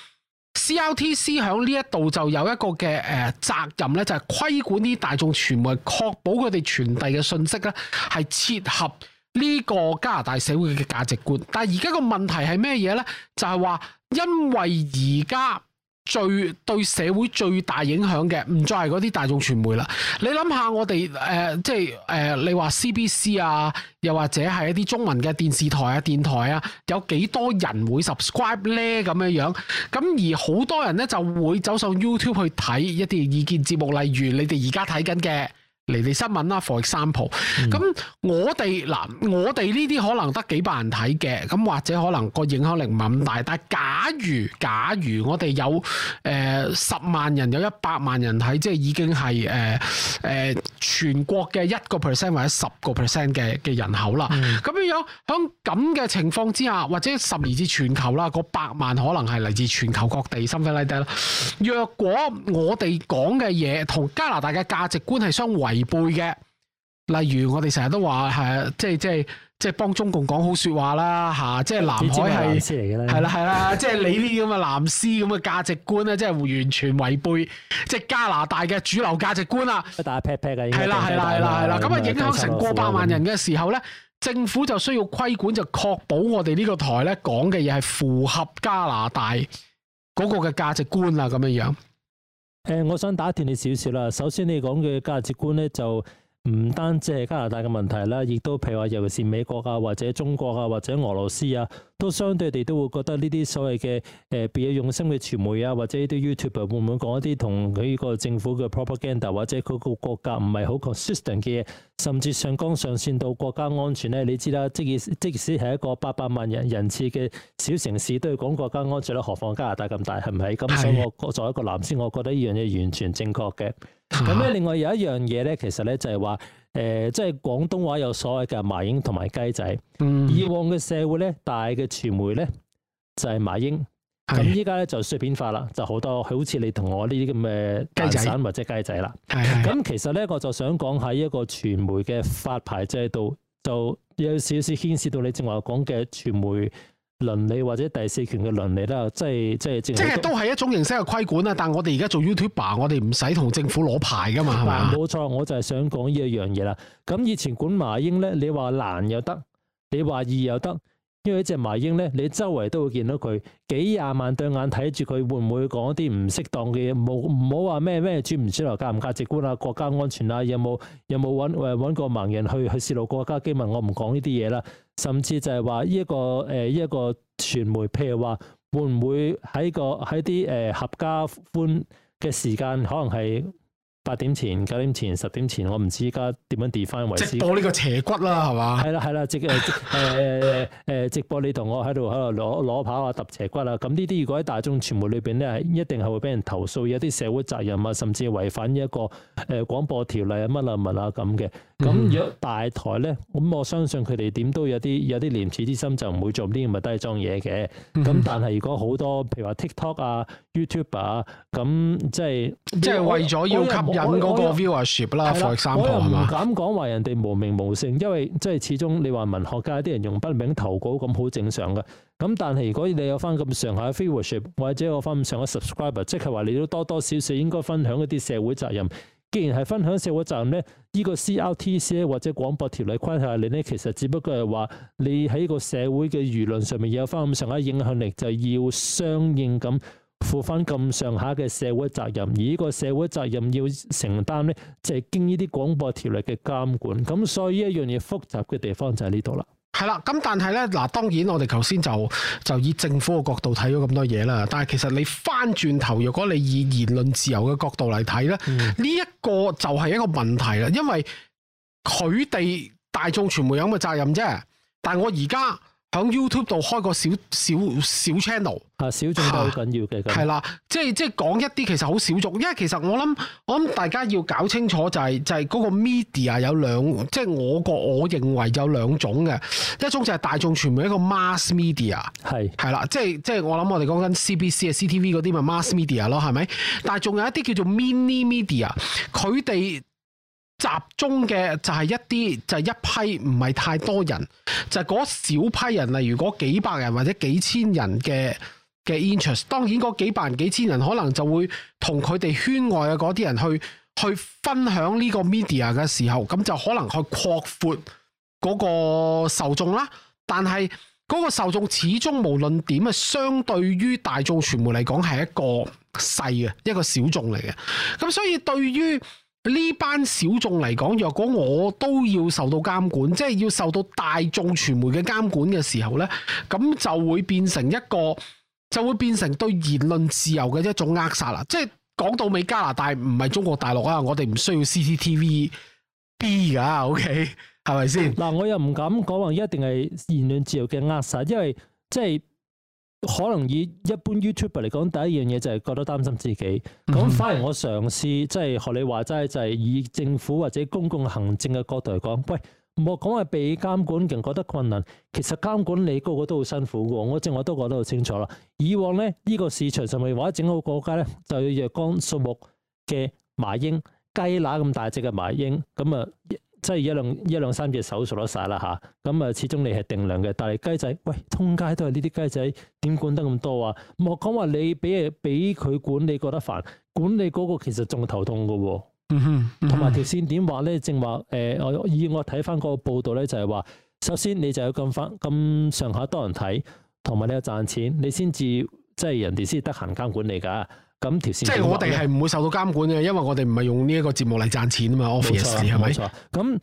CRTC 響呢一度就有一個嘅誒責任咧，就係規管啲大眾傳媒，確保佢哋傳遞嘅信息咧係切合呢個加拿大社會嘅價值觀。但係而家個問題係咩嘢咧？就係、是、話因為而家。最對社會最大影響嘅，唔再係嗰啲大眾傳媒啦。你諗下，我哋誒即係誒、呃，你話 CBC 啊，又或者係一啲中文嘅電視台啊、電台啊，有幾多人會 subscribe 咧？咁樣樣，咁而好多人咧就會走上 YouTube 去睇一啲意見節目，例如你哋而家睇緊嘅。嚟啲新聞啦，For example，咁、嗯、我哋嗱，我哋呢啲可能得幾百人睇嘅，咁或者可能個影響力唔係咁大，但係假如假如我哋有誒十、呃、萬人，有一百萬人睇，即係已經係誒誒全國嘅一個 percent 或者十個 percent 嘅嘅人口啦。咁、嗯、樣響咁嘅情況之下，或者十二至全球啦，嗰百萬可能係嚟自全球各地。similarly，若果我哋講嘅嘢同加拿大嘅價值觀係相違。違背嘅，例如我哋成日都話係，即係即係即係幫中共講好說話啦，吓，即係藍絲係係啦係啦，即係你呢啲咁嘅藍絲咁嘅價值觀咧，即係完全違背 你即係加拿大嘅主流價值觀啊，打 pat pat 嘅，係啦係啦係啦係啦，咁啊影響成過百萬人嘅時候咧，政府就需要規管，就確保，確保我哋呢個台咧講嘅嘢係符合加拿大嗰個嘅價值觀啦，咁樣樣。誒、呃，我想打斷你少少啦。首先，你講嘅價值觀咧，就唔單止係加拿大嘅問題啦，亦都譬如話，尤其是美國啊，或者中國啊，或者俄羅斯啊，都相對地都會覺得呢啲所謂嘅誒、呃、別有用心嘅傳媒啊，或者呢啲 YouTuber、啊、會唔會講一啲同佢個政府嘅 propaganda 或者佢個國家唔係好 consistent 嘅嘢，甚至上綱上線到國家安全咧？你知啦，即即使係一個八百萬人人次嘅小城市都要講國家安全啦，何況加拿大咁大，係咪？係是？咁所以我作為一個藍絲，我覺得呢樣嘢完全正確嘅。咁咧，另外有一樣嘢咧，其實咧就係、是、話。誒、呃，即係廣東話有所謂嘅麻鷹同埋雞仔。嗯，以往嘅社會咧，大嘅傳媒咧就係、是、麻鷹。咁依家咧就碎片化啦，就多好多好似你同我呢啲咁嘅雞仔或者雞仔啦。係，咁其實咧，我就想講喺一,一個傳媒嘅發牌制度，就有少少牽涉到你正話講嘅傳媒倫理或者第四權嘅倫理啦，即係即係即係都係一種形式嘅規管啦。但係我哋而家做 YouTuber，我哋唔使同政府攞牌噶嘛，係嘛？冇錯，我就係想講呢一樣嘢啦。咁以前管麻鷹咧，你話難又得，你話易又得，因為一隻麻鷹咧，你周圍都會見到佢，幾廿萬對眼睇住佢，會唔會講一啲唔適當嘅嘢？唔好唔好話咩咩轉唔轉羅價唔價值觀啊，國家安全啊，有冇有冇揾誒揾個盲人去去泄露國家機密？我唔講呢啲嘢啦。甚至就係話呢一個誒依一個傳媒，譬如話會唔會喺個喺啲誒合家歡嘅時間，可能係八點前、九點前、十點前，我唔知依家點樣跌翻為止，播呢個邪骨啦，係嘛吧？係啦係啦，直誒誒誒誒直播你同我喺度喺度攞攞跑啊，揼邪骨啊，咁呢啲如果喺大眾傳媒裏邊咧，一定係會俾人投訴，有啲社會責任啊，甚至違反一個誒廣播條例啊乜啊乜啊咁嘅。咁如果、嗯、大台咧，咁我相信佢哋點都有啲有啲廉恥之心，就唔會做啲咁嘅低裝嘢嘅。咁、嗯、但係如果好多譬如話 TikTok 啊、YouTube 啊，咁即係即係為咗要吸引嗰個 viewership 啦、啊、三我唔敢講話人哋無名無姓，因為即係始終你話文學界啲人用筆名投稿咁好正常嘅。咁但係如果你有翻咁上下嘅 viewership 或者有翻咁上下 subscriber，即係話你都多多少少應該分享一啲社會責任。既然係分享社會責任咧，呢、呢個 CRTC 或者廣播條例框架，裏咧，其實只不過係話你喺個社會嘅輿論上面有翻咁上下影響力，就要相應咁負翻咁上下嘅社會責任。而呢個社會責任要承擔咧，就係經呢啲廣播條例嘅監管。咁所以呢一樣嘢複雜嘅地方就喺呢度啦。係啦，咁但係咧，嗱，當然我哋頭先就就以政府嘅角度睇咗咁多嘢啦。但係其實你翻轉頭，若果你以言論自由嘅角度嚟睇咧，呢一、嗯、個就係一個問題啦。因為佢哋大眾傳媒有咩責任啫？但係我而家。響 YouTube 度開個小小小 channel，啊，小眾都好緊要嘅。係啦是，即係即係講一啲其實好小眾，因為其實我諗我諗大家要搞清楚就係、是、就係、是、嗰個 media 有兩，即係我個我認為有兩種嘅，一種就係大眾傳媒一個 mass media，係係啦，即係即係我諗我哋講緊 CBC 啊、CTV 嗰啲咪 mass media 咯，係咪？但係仲有一啲叫做 mini media，佢哋。集中嘅就係一啲就係、一批唔係太多人，就嗰、係、少批人，例如嗰幾百人或者幾千人嘅嘅 interest，當然嗰幾百人幾千人可能就會同佢哋圈外嘅嗰啲人去去分享呢個 media 嘅時候，咁就可能去擴闊嗰個受眾啦。但係嗰個受眾始終無論點啊，相對於大眾傳媒嚟講係一個細嘅一個小眾嚟嘅。咁所以對於呢班小眾嚟講，若果我都要受到監管，即係要受到大眾傳媒嘅監管嘅時候咧，咁就會變成一個，就會變成對言論自由嘅一種扼殺啦。即係講到尾，加拿大唔係中國大陸啊，我哋唔需要 CCTVB 噶，OK，係咪先？嗱，我又唔敢講話一定係言論自由嘅扼殺，因為即係。可能以一般 YouTuber 嚟講，第一樣嘢，就係覺得擔心自己。咁、嗯、反而我嘗試即係學你話齋，就係、是、以政府或者公共行政嘅角度嚟講，喂，莫講係被監管人覺得困難。其實監管你個個都好辛苦噶，我正我都講得好清楚啦。以往咧，呢、這個市場上面或者整個國家咧，就要若干數目嘅麻鷹雞乸，咁大隻嘅麻鷹，咁啊。即係一兩一兩三隻手做得晒啦吓，咁啊，始終你係定量嘅，但係雞仔，喂，通街都係呢啲雞仔，點管，管得咁多啊？莫好講話你俾俾佢管理，覺得煩，管理嗰個其實仲頭痛噶喎、嗯。嗯哼，同埋條線點話咧？正話誒，以我睇翻嗰個報道咧，就係話，首先你就有咁翻咁上下多人睇，同埋你有賺錢，你先至即係人哋先得閒監管理噶。咁條線即係我哋係唔會受到監管嘅，呢因為我哋唔係用呢一個節目嚟賺錢啊嘛，Office 係咪？咁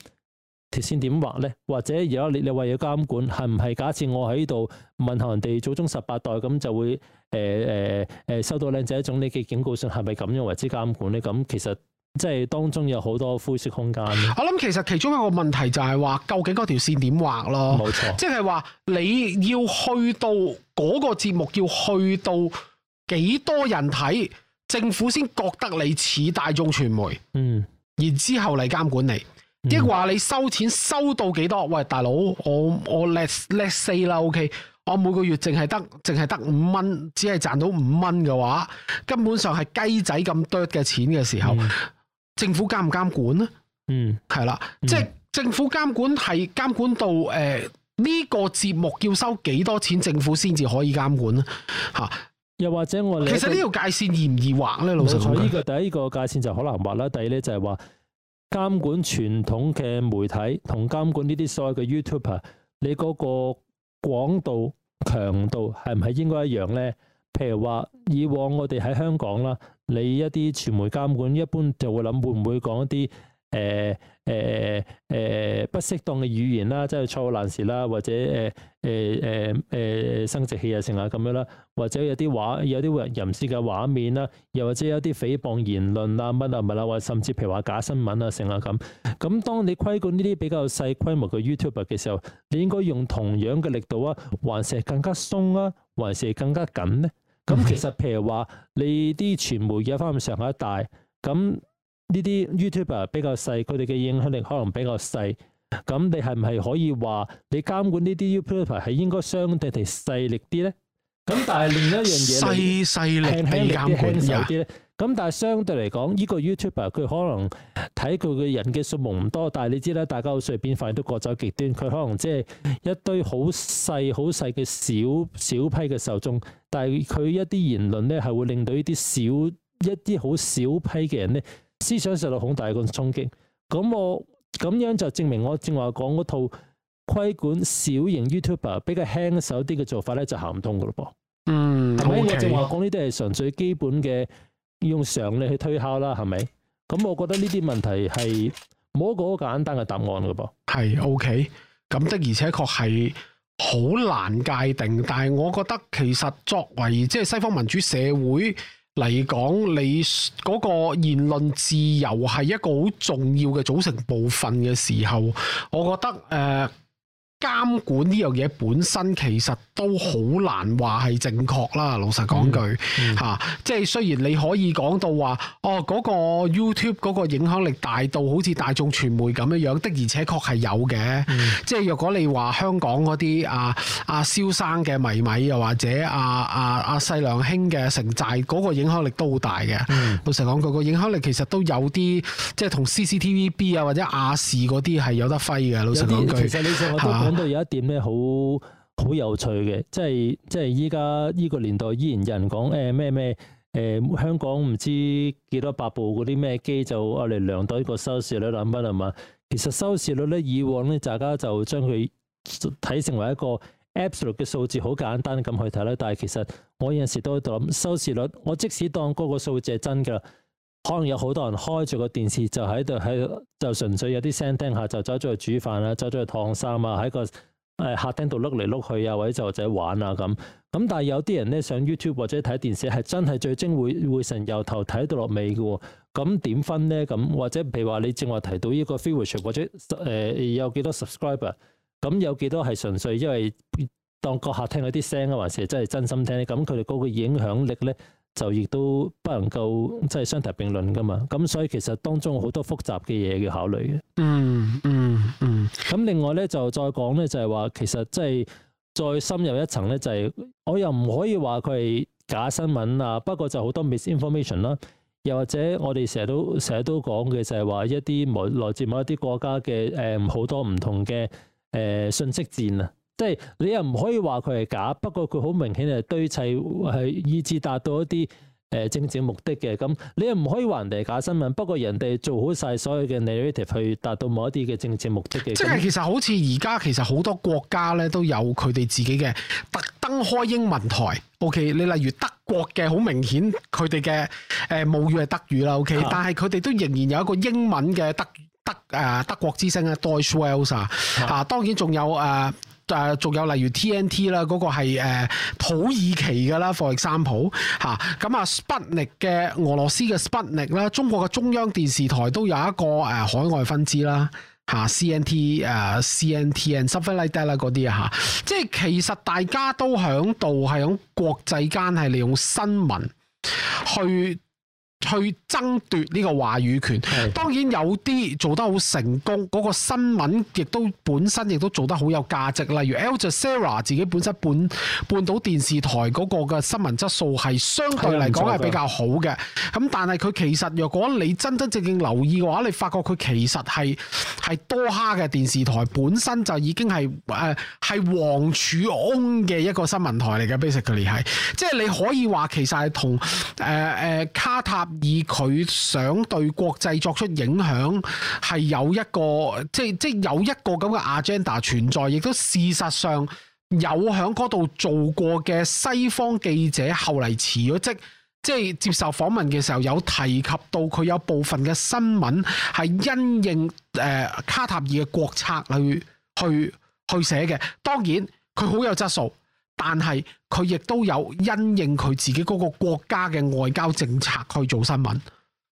條線點畫咧？或者而家你話要監管，係唔係？假設我喺度問候人哋祖宗十八代，咁就會誒誒誒收到靚仔一種嘅警告信，係咪咁樣為之監管咧？咁其實即係當中有好多灰色空間。我諗其實其中一個問題就係話，究竟嗰條線點畫咯？冇錯錯，即係話你要去到嗰個節目，要去到。幾多人睇，政府先覺得你似大眾傳媒，嗯，然之後嚟監管你，亦話、嗯、你收錢收到幾多？嗯、喂，大佬，我我 let's let's say 啦，OK，我每個月淨係得淨係得五蚊，只係賺到五蚊嘅話，根本上係雞仔咁多嘅錢嘅時候，嗯、政府監唔監管呢？嗯，係啦了，嗯、即係政府監管係監管到誒呢、呃這個節目要收幾多錢，政府先至可以監管呢？吓。又或者我哋其實呢條界線易唔易畫咧？老實講，呢個第一個界線就好難畫啦，第二咧就係話監管傳統嘅媒體同監管呢啲所謂嘅 YouTuber，你嗰個廣度、強度係唔係應該一樣咧？譬如話以往我哋喺香港啦，你一啲傳媒監管一般就會諗會唔會講一啲？誒誒誒誒不適當嘅語言啦，即係錯過難事啦，或者誒誒誒誒生殖器啊，剩下咁樣啦，或者有啲畫，有啲人事嘅畫面啦，又或者有啲誹謗言論啦，乜啊物啦，或甚至譬如話假新聞啊，剩下咁。咁當你規管呢啲比較細規模嘅 YouTuber 嘅時候，你應該用同樣嘅力度啊，還是更加鬆啊，還是更加緊咧？咁其實譬如話你啲傳媒嘅方面上一大咁。呢啲 YouTuber 比較細，佢哋嘅影響力可能比較細。咁你係唔係可以話，你監管呢啲 YouTuber 係應該相對地細力啲咧？咁但係另一樣嘢，細細力比較有啲咧。咁但係相對嚟講，呢、這個 YouTuber 佢可能睇佢嘅人嘅數目唔多，但係你知啦，大家好隨變快都各走極端，佢可能即係一堆好細好細嘅小小批嘅受眾，但係佢一啲言論咧係會令到呢啲小、一啲好小批嘅人咧。思想受到好大嘅衝擊，咁我咁樣就證明我正話講嗰套規管小型 YouTuber 比較輕手啲嘅做法咧就行唔通噶咯噃。嗯，係咪？Okay. 我正話講呢啲係純粹基本嘅用常理去推敲啦？係咪？咁我覺得呢啲問題係冇一個好簡單嘅答案噶噃。係 OK，咁的而且確係好難界定，但係我覺得其實作為即係西方民主社會。嚟講，你嗰個言論自由係一個好重要嘅組成部分嘅時候，我覺得誒、呃，監管呢樣嘢本身其實。都好難話係正確啦，老實講句嚇。即係雖然你可以講到話，哦嗰、那個 YouTube 嗰個影響力大到好似大眾傳媒咁樣樣的，的，而且確係有嘅。即係若果你話香港嗰啲啊啊蕭生嘅迷米又或者阿啊啊細、啊、良興嘅城寨，嗰、那個影響力都好大嘅。嗯、老實講句，那個影響力其實都有啲即係同 CCTVB 啊或者亞視嗰啲係有得揮嘅。老實講句，其實你上我度講到、啊、有一點咩好？好有趣嘅，即係即係依家呢個年代，依然有人講誒咩咩誒香港唔知幾多百部嗰啲咩機就我嚟量到呢個收視率，諗翻係嘛？其實收視率咧，以往咧，大家就將佢睇成為一個 absolute 嘅數字，好簡單咁去睇啦。但係其實我有陣時都喺度諗收視率，我即使當嗰個數字係真噶啦，可能有好多人開住個電視就喺度喺，就純粹有啲聲聽下，就走咗去煮飯啦，走咗去燙衫啊，喺個。誒、哎，客廳度碌嚟碌去啊，或者就、啊、或者玩啊咁，咁但係有啲人咧上 YouTube 或者睇電視係真係最精會會成由頭睇到落尾嘅喎，咁點分咧？咁或者譬如話你正話提到呢個 followers 或者誒、呃、有幾多 subscriber，咁有幾多係純粹因為當個客廳嗰啲聲啊，還是真係真心聽咧？咁佢哋嗰個影響力咧，就亦都不能夠即係相提並論噶嘛，咁所以其實當中好多複雜嘅嘢要考慮嘅。嗯嗯嗯。咁另外咧就再講咧就係話其實即係再深入一層咧就係，我又唔可以話佢係假新聞啊，不過就好多 misinformation 啦，又或者我哋成日都成日都講嘅就係話一啲來來自某一啲國家嘅誒好多唔同嘅誒訊息戰啊。即係你又唔可以話佢係假，不過佢好明顯係堆砌係意志達到一啲誒政治目的嘅。咁你又唔可以話人哋係假新聞，不過人哋做好晒所有嘅 narrative 去達到某一啲嘅政治目的嘅。即係其實好似而家其實好多國家咧都有佢哋自己嘅特登開英文台。OK，你例如德國嘅好明顯佢哋嘅誒母語係德語啦。OK，啊，但係佢哋都仍然有一個英文嘅德德誒德國之聲啦 Deutsche Welle 啊，啊，當然仲有誒。呃誒，仲有例如 TNT、呃、啦，嗰個係誒土耳其嘅啦，for example 嚇。咁啊，Sputnik 嘅俄羅斯嘅 Sputnik 啦，中國嘅中央電視台都有一個誒、啊、海外分支啦嚇、啊、CNT 誒、啊、CNT and something like that 啦嗰啲嚇。即係其實大家都響度係響國際間係利用新聞去去爭奪呢個話語權，當然有啲做得好成功，的個新聞亦都本身亦都做得好有價值。例如 Al Jazeera 自己本身本半半島電視台個嘅新聞質素係相對嚟講係比較好嘅，咁但係佢其實若果你真真正正留意嘅話，你發覺佢其實係係多哈嘅電視台，本身就已經係誒係王儲 own 嘅一個新聞台嚟嘅，basically 係，即係你可以話其實係同誒誒卡塔以佢想對國際作出影響，係有一個即即有一個咁嘅 agenda 存在，亦都事實上有喺嗰度做過嘅西方記者，後嚟辭咗職，即係接受訪問嘅時候有提及到佢有部分嘅新聞係因應誒、呃、卡塔爾嘅國策去去去寫嘅。當然佢好有質素。但係佢亦都有因應佢自己嗰個國家嘅外交政策去做新聞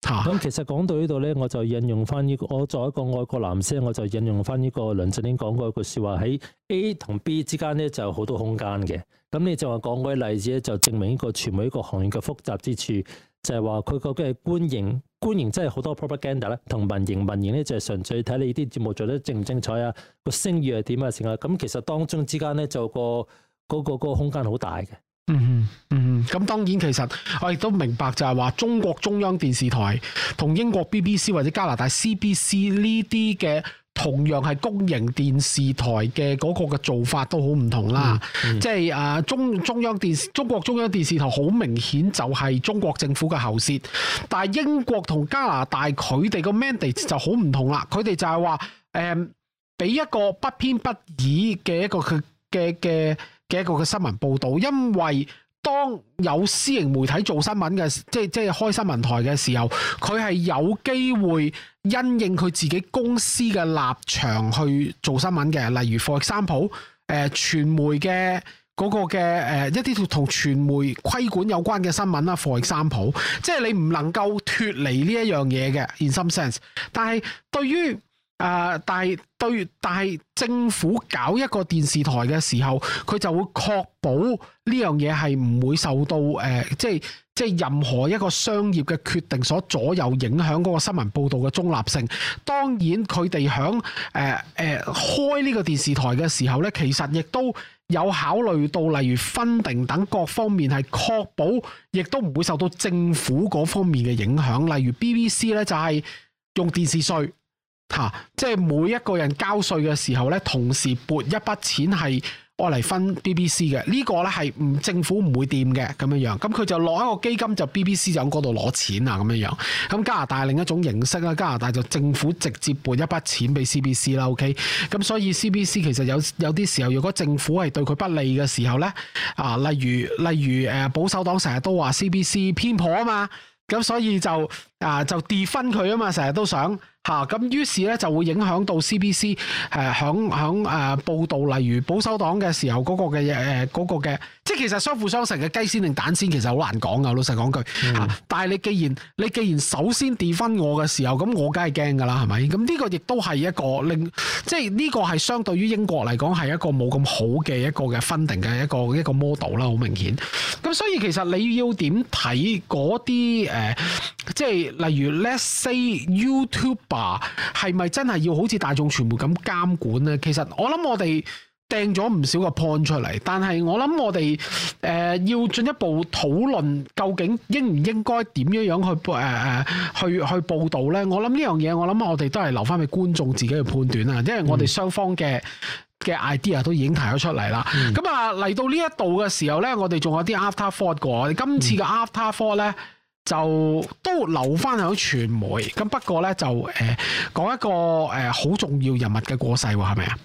吓。咁、啊、其實講到呢度咧，我就引用翻呢，我作為一個愛國男星，我就引用翻呢個梁振英講過一句說話：喺 A 同 B 之間咧就有好多空間嘅。咁你就話講嗰啲例子咧，就證明呢個傳媒呢個行業嘅複雜之處，就係話佢個嘅係官營官營真係好多 propaganda 咧，同民營民營咧就純粹睇你啲節目做得正唔精彩啊，個聲譽係點啊成啊。咁其實當中之間咧就個。嗰個嗰個空間好大嘅，嗯，嗯嗯嗯，咁當然其實我亦都明白就係話中國中央電視台同英國 BBC 或者加拿大 CBC 呢啲嘅，同樣係公營電視台嘅嗰個嘅做法都好唔同啦，即係、嗯嗯、啊中中央電視中國中央電視台好明顯就係中國政府嘅喉舌，但係英國同加拿大佢哋個 mandate 就好唔同啦，佢哋就係話誒俾一個不偏不倚嘅一個嘅嘅。嘅一個嘅新聞報導，因為當有私營媒體做新聞嘅，即係即係開新聞台嘅時候，佢係有機會因應佢自己公司嘅立場去做新聞嘅，例如 for example 誒，傳媒嘅嗰個嘅誒、呃、一啲同傳媒規管有關嘅新聞啦，for example，即係你唔能夠脱離呢一樣嘢嘅，in some sense。但係對於誒、呃，但係對，但係政府搞一個電視台嘅時候，佢就會確保呢樣嘢係唔會受到誒、呃，即係即係任何一個商業嘅決定所左右影響嗰個新聞報道嘅中立性。當然，佢哋響誒誒開呢個電視台嘅時候咧，其實亦都有考慮到，例如 funding 等各方面係確保，亦都唔會受到政府嗰方面嘅影響。例如 BBC 咧，就係、是、用電視稅。吓、啊，即係每一個人交稅嘅時候咧，同時撥一筆錢係愛嚟分 B B C 嘅，這個、呢個咧係唔政府唔會掂嘅咁樣樣，咁佢就攞一個基金就 B B C 就喺嗰度攞錢啊咁樣樣，咁加拿大另一種形式啦，加拿大就政府直接撥一筆錢俾 C B C 啦，OK，咁所以 C B C 其實有有啲時候，如果政府係對佢不利嘅時候咧，啊，例如例如誒保守黨成日都話 C B C 偏頗啊嘛，咁所以就啊就跌分佢啊嘛，成日都想。吓咁，於、啊、是咧就會影響到 CBC 誒、呃，響響誒報道，例如保守黨嘅時候嗰個嘅誒、呃那個嘅，即係其實相輔相成嘅雞先定蛋先，其實好難講噶。老實講句吓，啊嗯、但係你既然你既然首先跌翻我嘅時候，咁我梗係驚噶啦，係咪？咁呢個亦都係一個令即係呢個係相對於英國嚟講係一個冇咁好嘅一個嘅 funding 嘅一個一個 model 啦，好明顯。咁所以其實你要點睇嗰啲誒？呃即係例如 Let's say YouTuber 係咪真係要好似大眾傳媒咁監管咧？其實我諗我哋掟咗唔少個 point 出嚟，但係我諗我哋誒、呃、要進一步討論究竟應唔應該點樣樣去誒誒、呃、去去報導咧？我諗呢樣嘢，我諗我哋都係留翻俾觀眾自己去判斷啊！因為我哋雙方嘅嘅、嗯、idea 都已經提咗出嚟啦。咁、嗯、啊嚟到呢一度嘅時候咧，我哋仲有啲 afterthought 過我哋今次嘅 afterthought 咧。嗯呢就都留翻喺傳媒，咁不過咧就誒講、呃、一個誒好、呃、重要人物嘅過世，係咪啊？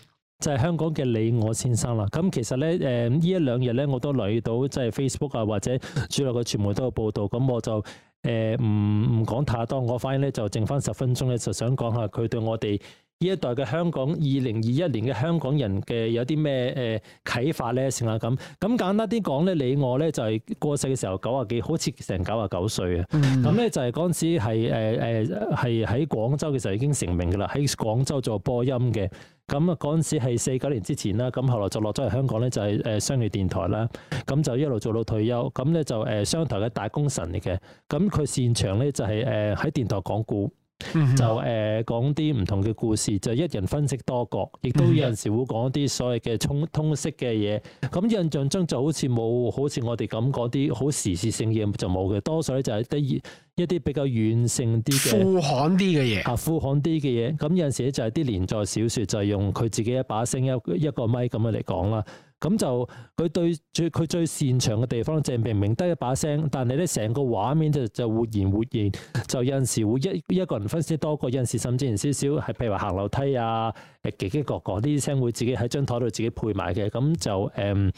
就係香港嘅你我先生啦。咁其實咧誒呢、呃、一兩日咧，我都留意到即係 Facebook 啊或者主流嘅傳媒都有報道。咁我就誒唔唔講太多。我反而咧就剩翻十分鐘咧，就想講下佢對我哋呢一代嘅香港，二零二一年嘅香港人嘅有啲咩誒啟發咧？成啊咁咁簡單啲講咧，你我咧就係、是、過世嘅時候九啊幾，好似成九啊九歲啊。咁咧、嗯、就係嗰陣時係誒誒係喺廣州嘅時候已經成名㗎啦，喺廣州做播音嘅。咁啊嗰陣時係四九年之前啦。咁後來就落咗嚟香港咧，就係、是、誒商業電台啦。咁就一路做到退休。咁咧就誒商台嘅大工臣嚟嘅。咁佢擅長咧就係誒喺電台講故。 就誒講啲唔同嘅故事，就一人分飾多角，亦都有陣時會講啲所謂嘅通通識嘅嘢。咁印象中就好似冇，好似我哋咁講啲好時事性嘅嘢就冇嘅，多數咧就係得一啲比較軟性啲嘅，富含啲嘅嘢啊，富含啲嘅嘢。咁有陣時咧就係啲連載小說，就係用佢自己一把聲一一個咪咁樣嚟講啦。咁就佢對最佢最擅長嘅地方就係明明得一把聲，但係咧成個畫面就就活現活現，就有陣時會一一個人分析多過，有陣時甚至少少係譬如話行樓梯啊，誒嘰嘰咯咯呢啲聲會自己喺張台度自己配埋嘅。咁就誒誒、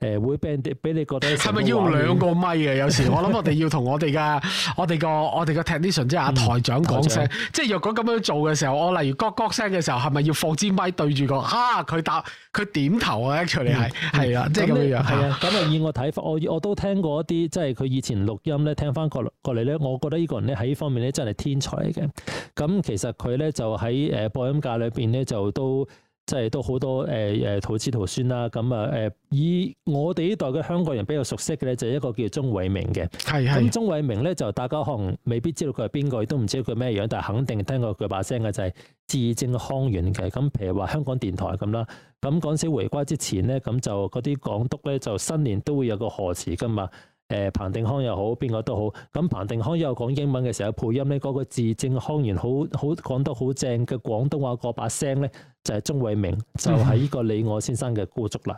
嗯、會俾俾你覺得係咪要用兩個咪嘅？有時我諗我哋要同我哋嘅 我哋個我哋個 technician 即係阿、啊、台長講聲，長即係若果咁樣做嘅時候，我例如咯咯聲嘅時候，係咪要放支咪對住個啊佢答佢點頭啊出嚟啊？係，啊，的即係咁樣，係啊。咁啊，以我睇法， 我我都聽過一啲，即係佢以前錄音咧，聽翻過過嚟咧，我覺得呢個人咧喺呢方面咧真係天才嘅。咁其實佢咧就喺誒播音界裏邊咧就都。即係都好多誒誒，桃子桃孫啦。咁啊，誒，以我哋呢代嘅香港人比較熟悉嘅咧，就一個叫鍾偉明嘅。係係鍾偉明咧就大家可能未必知道佢係邊個，亦都唔知道佢咩樣，但係肯定聽過佢把聲嘅就係、是、字正腔圓嘅。咁譬如話香港電台咁啦，咁講少回歸之前咧，咁就嗰啲港督咧就新年都會有個賀詞噶嘛。誒，彭定康又好，邊個都好。咁彭定康又講英文嘅時候，配音咧嗰、那個字正腔圓，好好講得好正嘅廣東話嗰把聲咧。就係鍾偉明，就係、是、呢個李我先生嘅孤足啦。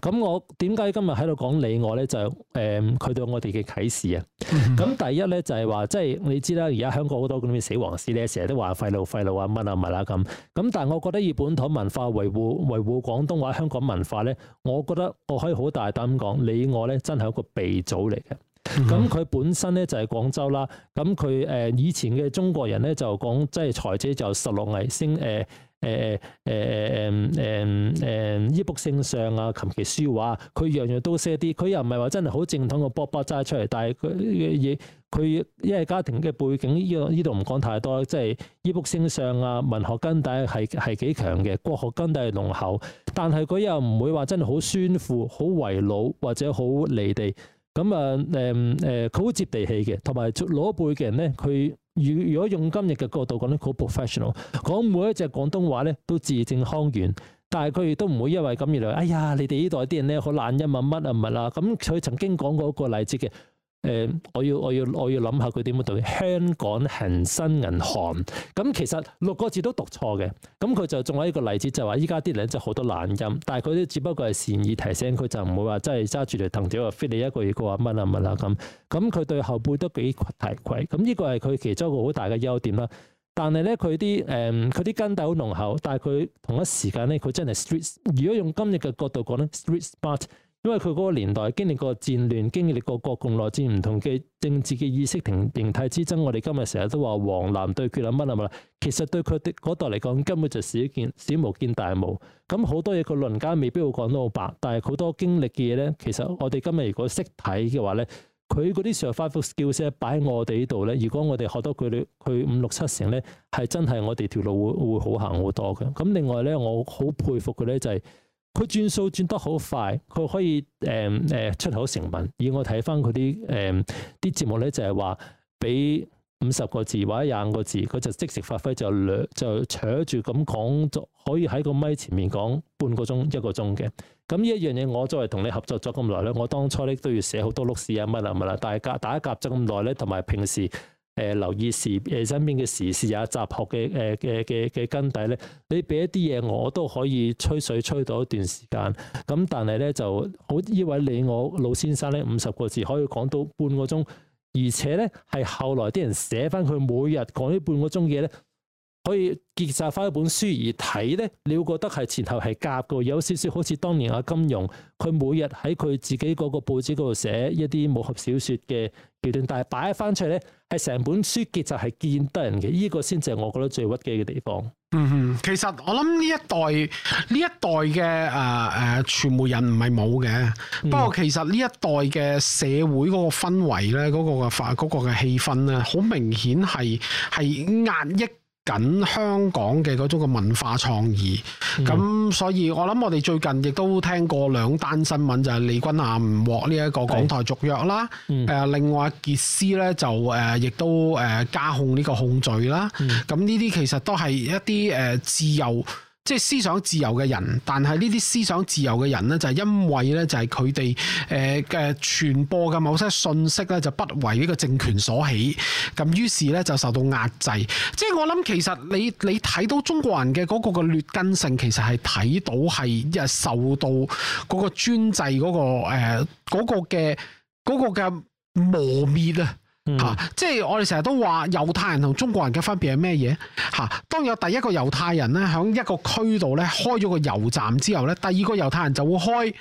咁、嗯、我點解今日喺度講李我咧？就誒、是、佢、呃、對我哋嘅啟示啊。咁、嗯、第一咧就係話，即係你知啦，而家香港好多咁嘅死黃絲咧，成日都話廢老廢老啊，乜啊乜啦咁。咁但係我覺得以本土文化維護維護廣東話、香港文化咧，我覺得我可以好大膽咁講，李我咧真係一個鼻祖嚟嘅。咁佢、嗯、本身咧就係廣州啦。咁佢誒以前嘅中國人咧就講，即係才子就十六藝星誒。呃呃誒誒誒誒誒誒誒，醫卜星相啊，琴棋書畫，佢樣樣都識啲。佢又唔係話真係好正統個卜卜齋出嚟，但係佢嘢佢因為家庭嘅背景，呢個依度唔講太多。即、就、係、是、醫卜星相啊，文學根底係係幾強嘅，國學根底係濃厚。但係佢又唔會話真係好酸腐、好為老或者好離地咁啊，誒誒，佢好、呃呃呃、接地氣嘅，同埋老一輩嘅人咧，佢。如如果用今日嘅角度講咧，好 professional，講每一隻廣東話咧都字正腔圓，但係佢亦都唔會因為咁而嚟，哎呀，你哋呢代啲人咧好懶音啊，乜啊唔係啦，咁佢、啊嗯、曾經講過一個例子嘅。誒、呃，我要我要我要諗下佢點樣讀。香港恒生銀行，咁其實六個字都讀錯嘅。咁佢就仲有一個例子，就係話依家啲人真係好多懶音。但係佢都只不過係善意提醒，佢就唔會話真係揸住條藤條啊 fit 你一個月過萬乜啊乜啊咁。咁佢對後輩都幾提攜。咁呢個係佢其中一個好大嘅優點啦。但係咧，佢啲誒佢啲根底好濃厚，但係佢同一時間咧，佢真係 street。如果用今日嘅角度講咧，street spot。因為佢嗰個年代經歷過戰亂，經歷過國共內戰，唔同嘅政治嘅意識形態之爭。我哋今日成日都話黃藍對決啦，乜啊乜啦，其實對佢哋嗰代嚟講，根本就少小巫小巫見大巫。咁好多嘢個鄰家未必會講得好白，但係好多經歷嘅嘢咧，其實我哋今日如果識睇嘅話咧，佢嗰啲 survival skills 擺喺我哋呢度咧，如果我哋學到佢哋，佢五六七成咧，係真係我哋條路會會好行好多嘅。咁另外咧，我好佩服佢咧就係、是。佢轉數轉得好快，佢可以誒誒、嗯呃、出口成文。而我睇翻佢啲誒啲節目咧，就係話俾五十個字或者廿五個字，佢就即時發揮，就兩就扯住咁講，就可以喺個咪前面講半個鐘一個鐘嘅。咁呢一樣嘢，我作為同你合作咗咁耐咧，我當初咧都要寫好多碌屎啊乜啊乜啦，大家打一夾咗咁耐咧，同埋平時。誒、呃，留意時誒身邊嘅時事啊，雜學嘅誒嘅嘅嘅根底咧，你俾一啲嘢我，我都可以吹水吹到一段時間，咁但係咧就好呢位李我老先生咧五十個字可以講到半個鐘，而且咧係後來啲人寫翻佢每日講呢半個鐘嘅嘢咧。可以結集翻一本書而睇咧，你會覺得係前後係夾嘅，有少少好似當年阿金庸，佢每日喺佢自己嗰個報紙嗰度寫一啲武俠小説嘅橋段，但係擺喺翻出嚟咧，係成本書結集係見得人嘅，呢、這個先至係，我覺得最屈嘅嘅地方。嗯哼，其實我諗呢一代呢一代嘅誒誒傳媒人唔係冇嘅，嗯、不過其實呢一代嘅社會嗰個氛圍咧、那個，嗰、那個嘅氛嗰個嘅氣氛咧，好明顯係係壓抑。緊香港嘅嗰種嘅文化創意，咁、嗯、所以我諗我哋最近亦都聽過兩單新聞，就係、是、利君雅唔獲呢一個港台續約啦，誒、嗯呃，另外傑斯咧，就誒亦、呃、都誒加控呢個控罪啦，咁呢啲其實都係一啲誒、呃、自由。即係思想自由嘅人，但係呢啲思想自由嘅人咧，就係、是、因為咧，就係佢哋誒嘅傳播嘅某些信息咧，就不為呢個政權所起。咁於是咧就受到壓制。即係我諗，其實你你睇到中國人嘅嗰個個劣根性，其實係睇到係一受到嗰個專制嗰、嗰個誒、呃嗰個嘅、嗰個嘅磨滅啊。吓，嗯、即係我哋成日都話猶太人同中國人嘅分別係咩嘢？吓，當有第一個猶太人咧響一個區度咧開咗個油站之後咧，第二個猶太人就會開誒誒、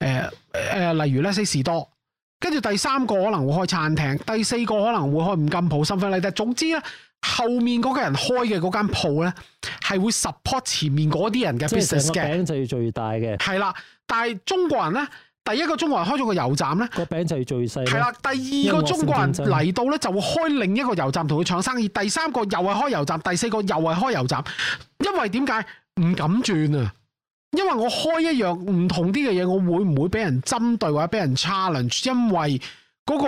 呃呃，例如咧西士多，跟住第三個可能會開餐廳，第四個可能會開五金鋪、心粉粒等。總之咧，後面嗰個人開嘅嗰間鋪咧係會 support 前面嗰啲人嘅 business 嘅。即係成個餅就要最大嘅。係啦，但係中國人咧。第一個中國人開咗個油站，呢個餅就係最細。係啦，第二個中國人嚟到呢，就會開另一個油站，同佢搶生意。第三個又係開油站，第四個又係開油站。因為點解唔敢轉啊？因為我開一樣唔同啲嘅嘢，我會唔會俾人針對或者俾人 challenge？因為嗰個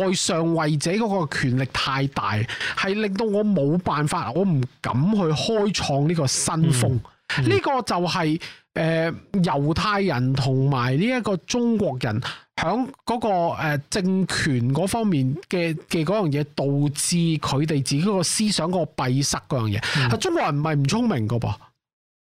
在上位者嗰個權力太大，係令到我冇辦法，我唔敢去開創呢個新風。嗯嗯，呢個就係。誒、呃、猶太人同埋呢一個中國人、那個，響嗰個政權嗰方面嘅嘅嗰樣嘢，導致佢哋自己個思想、個閉塞嗰樣嘢。嗯、中國人唔係唔聰明噶噃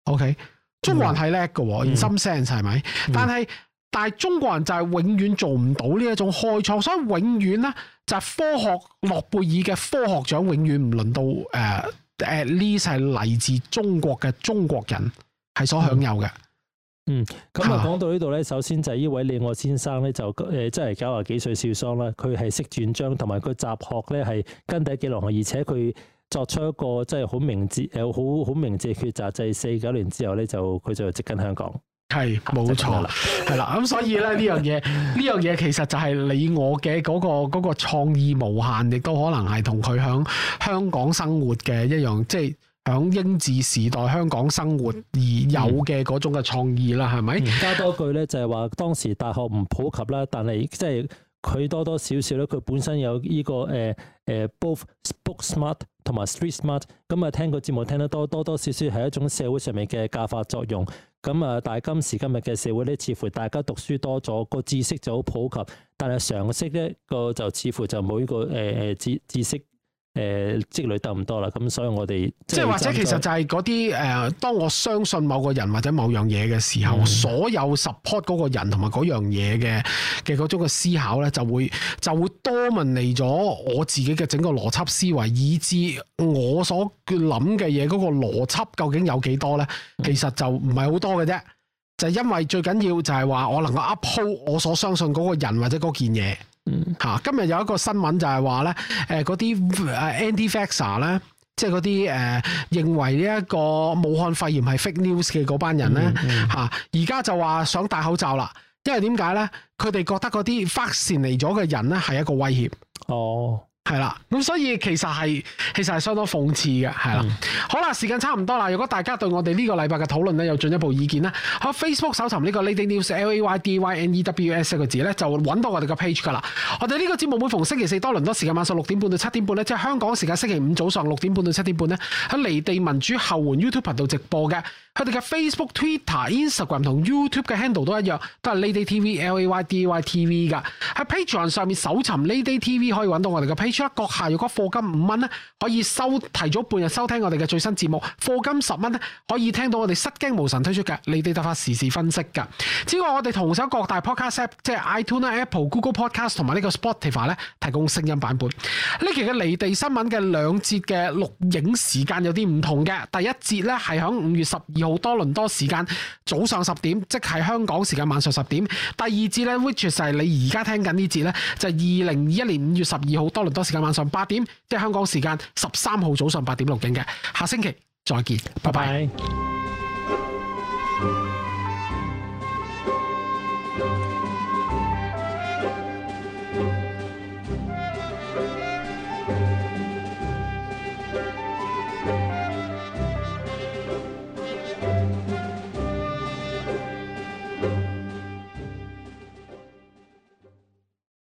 ，OK，中國人係叻噶，in some sense，係咪？但係但係中國人就係永遠做唔到呢一種開創，所以永遠咧就係、是、科學諾貝爾嘅科學獎永遠唔輪到誒誒 at least 係嚟自中國嘅中國人。係所享有嘅，嗯，咁啊，講到呢度咧，首先就係呢位李我先生咧，就誒，即係九廿幾歲少桑啦，佢係識轉章，同埋佢雜學咧係根底幾牢固，而且佢作出一個即係好明智，有好好明智嘅抉擇，就係四九年之後咧就佢就即跟香港，係冇錯啦，係啦是，咁錯所以咧呢樣嘢，呢樣嘢其實就係你我嘅嗰、那個嗰、那個創意無限，亦都可能係同佢響香港生活嘅一樣，即係。響英治時代香港生活而有嘅嗰種嘅創意啦，係咪、嗯？加、嗯、多句咧，就係話當時大學唔普及啦，但係即係佢多多少少咧，佢本身有呢、這個誒誒、呃呃、both book smart 同埋 street smart，咁、嗯、啊聽個節目聽得多多多少少係一種社會上面嘅教化作用。咁、嗯、啊，但係今時今日嘅社會咧，似乎大家讀書多咗，個知識就好普及，但係常識咧個就似乎就冇呢、這個誒誒、呃、知知識。誒、呃、積累得唔多啦，咁所以我哋即係或者其實就係嗰啲誒，當我相信某個人或者某樣嘢嘅時候，嗯、所有 support 嗰個人同埋嗰樣嘢嘅嘅嗰種嘅思考咧，就會就會 dominate 咗我自己嘅整個邏輯思維，以致我所諗嘅嘢嗰個邏輯究竟有幾多咧？其實就唔係好多嘅啫，嗯、就因為最緊要就係話我能夠 uphold 我所相信嗰個人或者嗰件嘢。嗯，吓今日有一個新聞就係話咧，誒嗰啲誒 anti-vaxxer 咧，即係嗰啲誒認為呢一個武漢肺炎係 fake news 嘅嗰班人咧，吓而家就話想戴口罩啦，因為點解咧？佢哋覺得嗰啲 vaccine 嚟咗嘅人咧係一個威脅。哦。係啦，咁所以其實係，其實係相當諷刺嘅，係啦。嗯、好啦，時間差唔多啦。如果大家對我哋呢個禮拜嘅討論咧有進一步意見咧，喺 Facebook 搜尋呢個 Lady News L A Y D Y N E W S 呢個字咧，就搵到我哋個 page 噶啦。我哋呢個節目每逢星期四多倫多時間，晚上六點半到七點半咧，即係香港時間星期五早上六點半到七點半咧，喺離地民主後援 YouTube 頻道直播嘅。佢哋嘅 Facebook、Twitter、Instagram 同 YouTube 嘅 handle 都一樣，都係 Lady TV L A Y D Y T V 噶。喺 Patreon 上面搜尋 Lady TV 可以搵到我哋嘅 Patreon，各下如果課金五蚊咧，可以收提早半日收聽我哋嘅最新節目；課金十蚊咧，可以聽到我哋失驚無神推出嘅離地特發時事分析噶。只過，我哋同手各大 podcast app，即係 iTune 啦、Apple、Google Podcast 同埋呢個 Spotify 咧，提供聲音版本。呢期嘅離地新聞嘅兩節嘅錄影時間有啲唔同嘅，第一節咧係響五月十二。好多倫多時間早上十點，即係香港時間晚上十點。第二節咧，which 就係你而家聽緊呢節咧，就係二零二一年五月十二號多倫多時間晚上八點，即係香港時間十三號早上八點錄影嘅。下星期再見，拜拜。拜拜。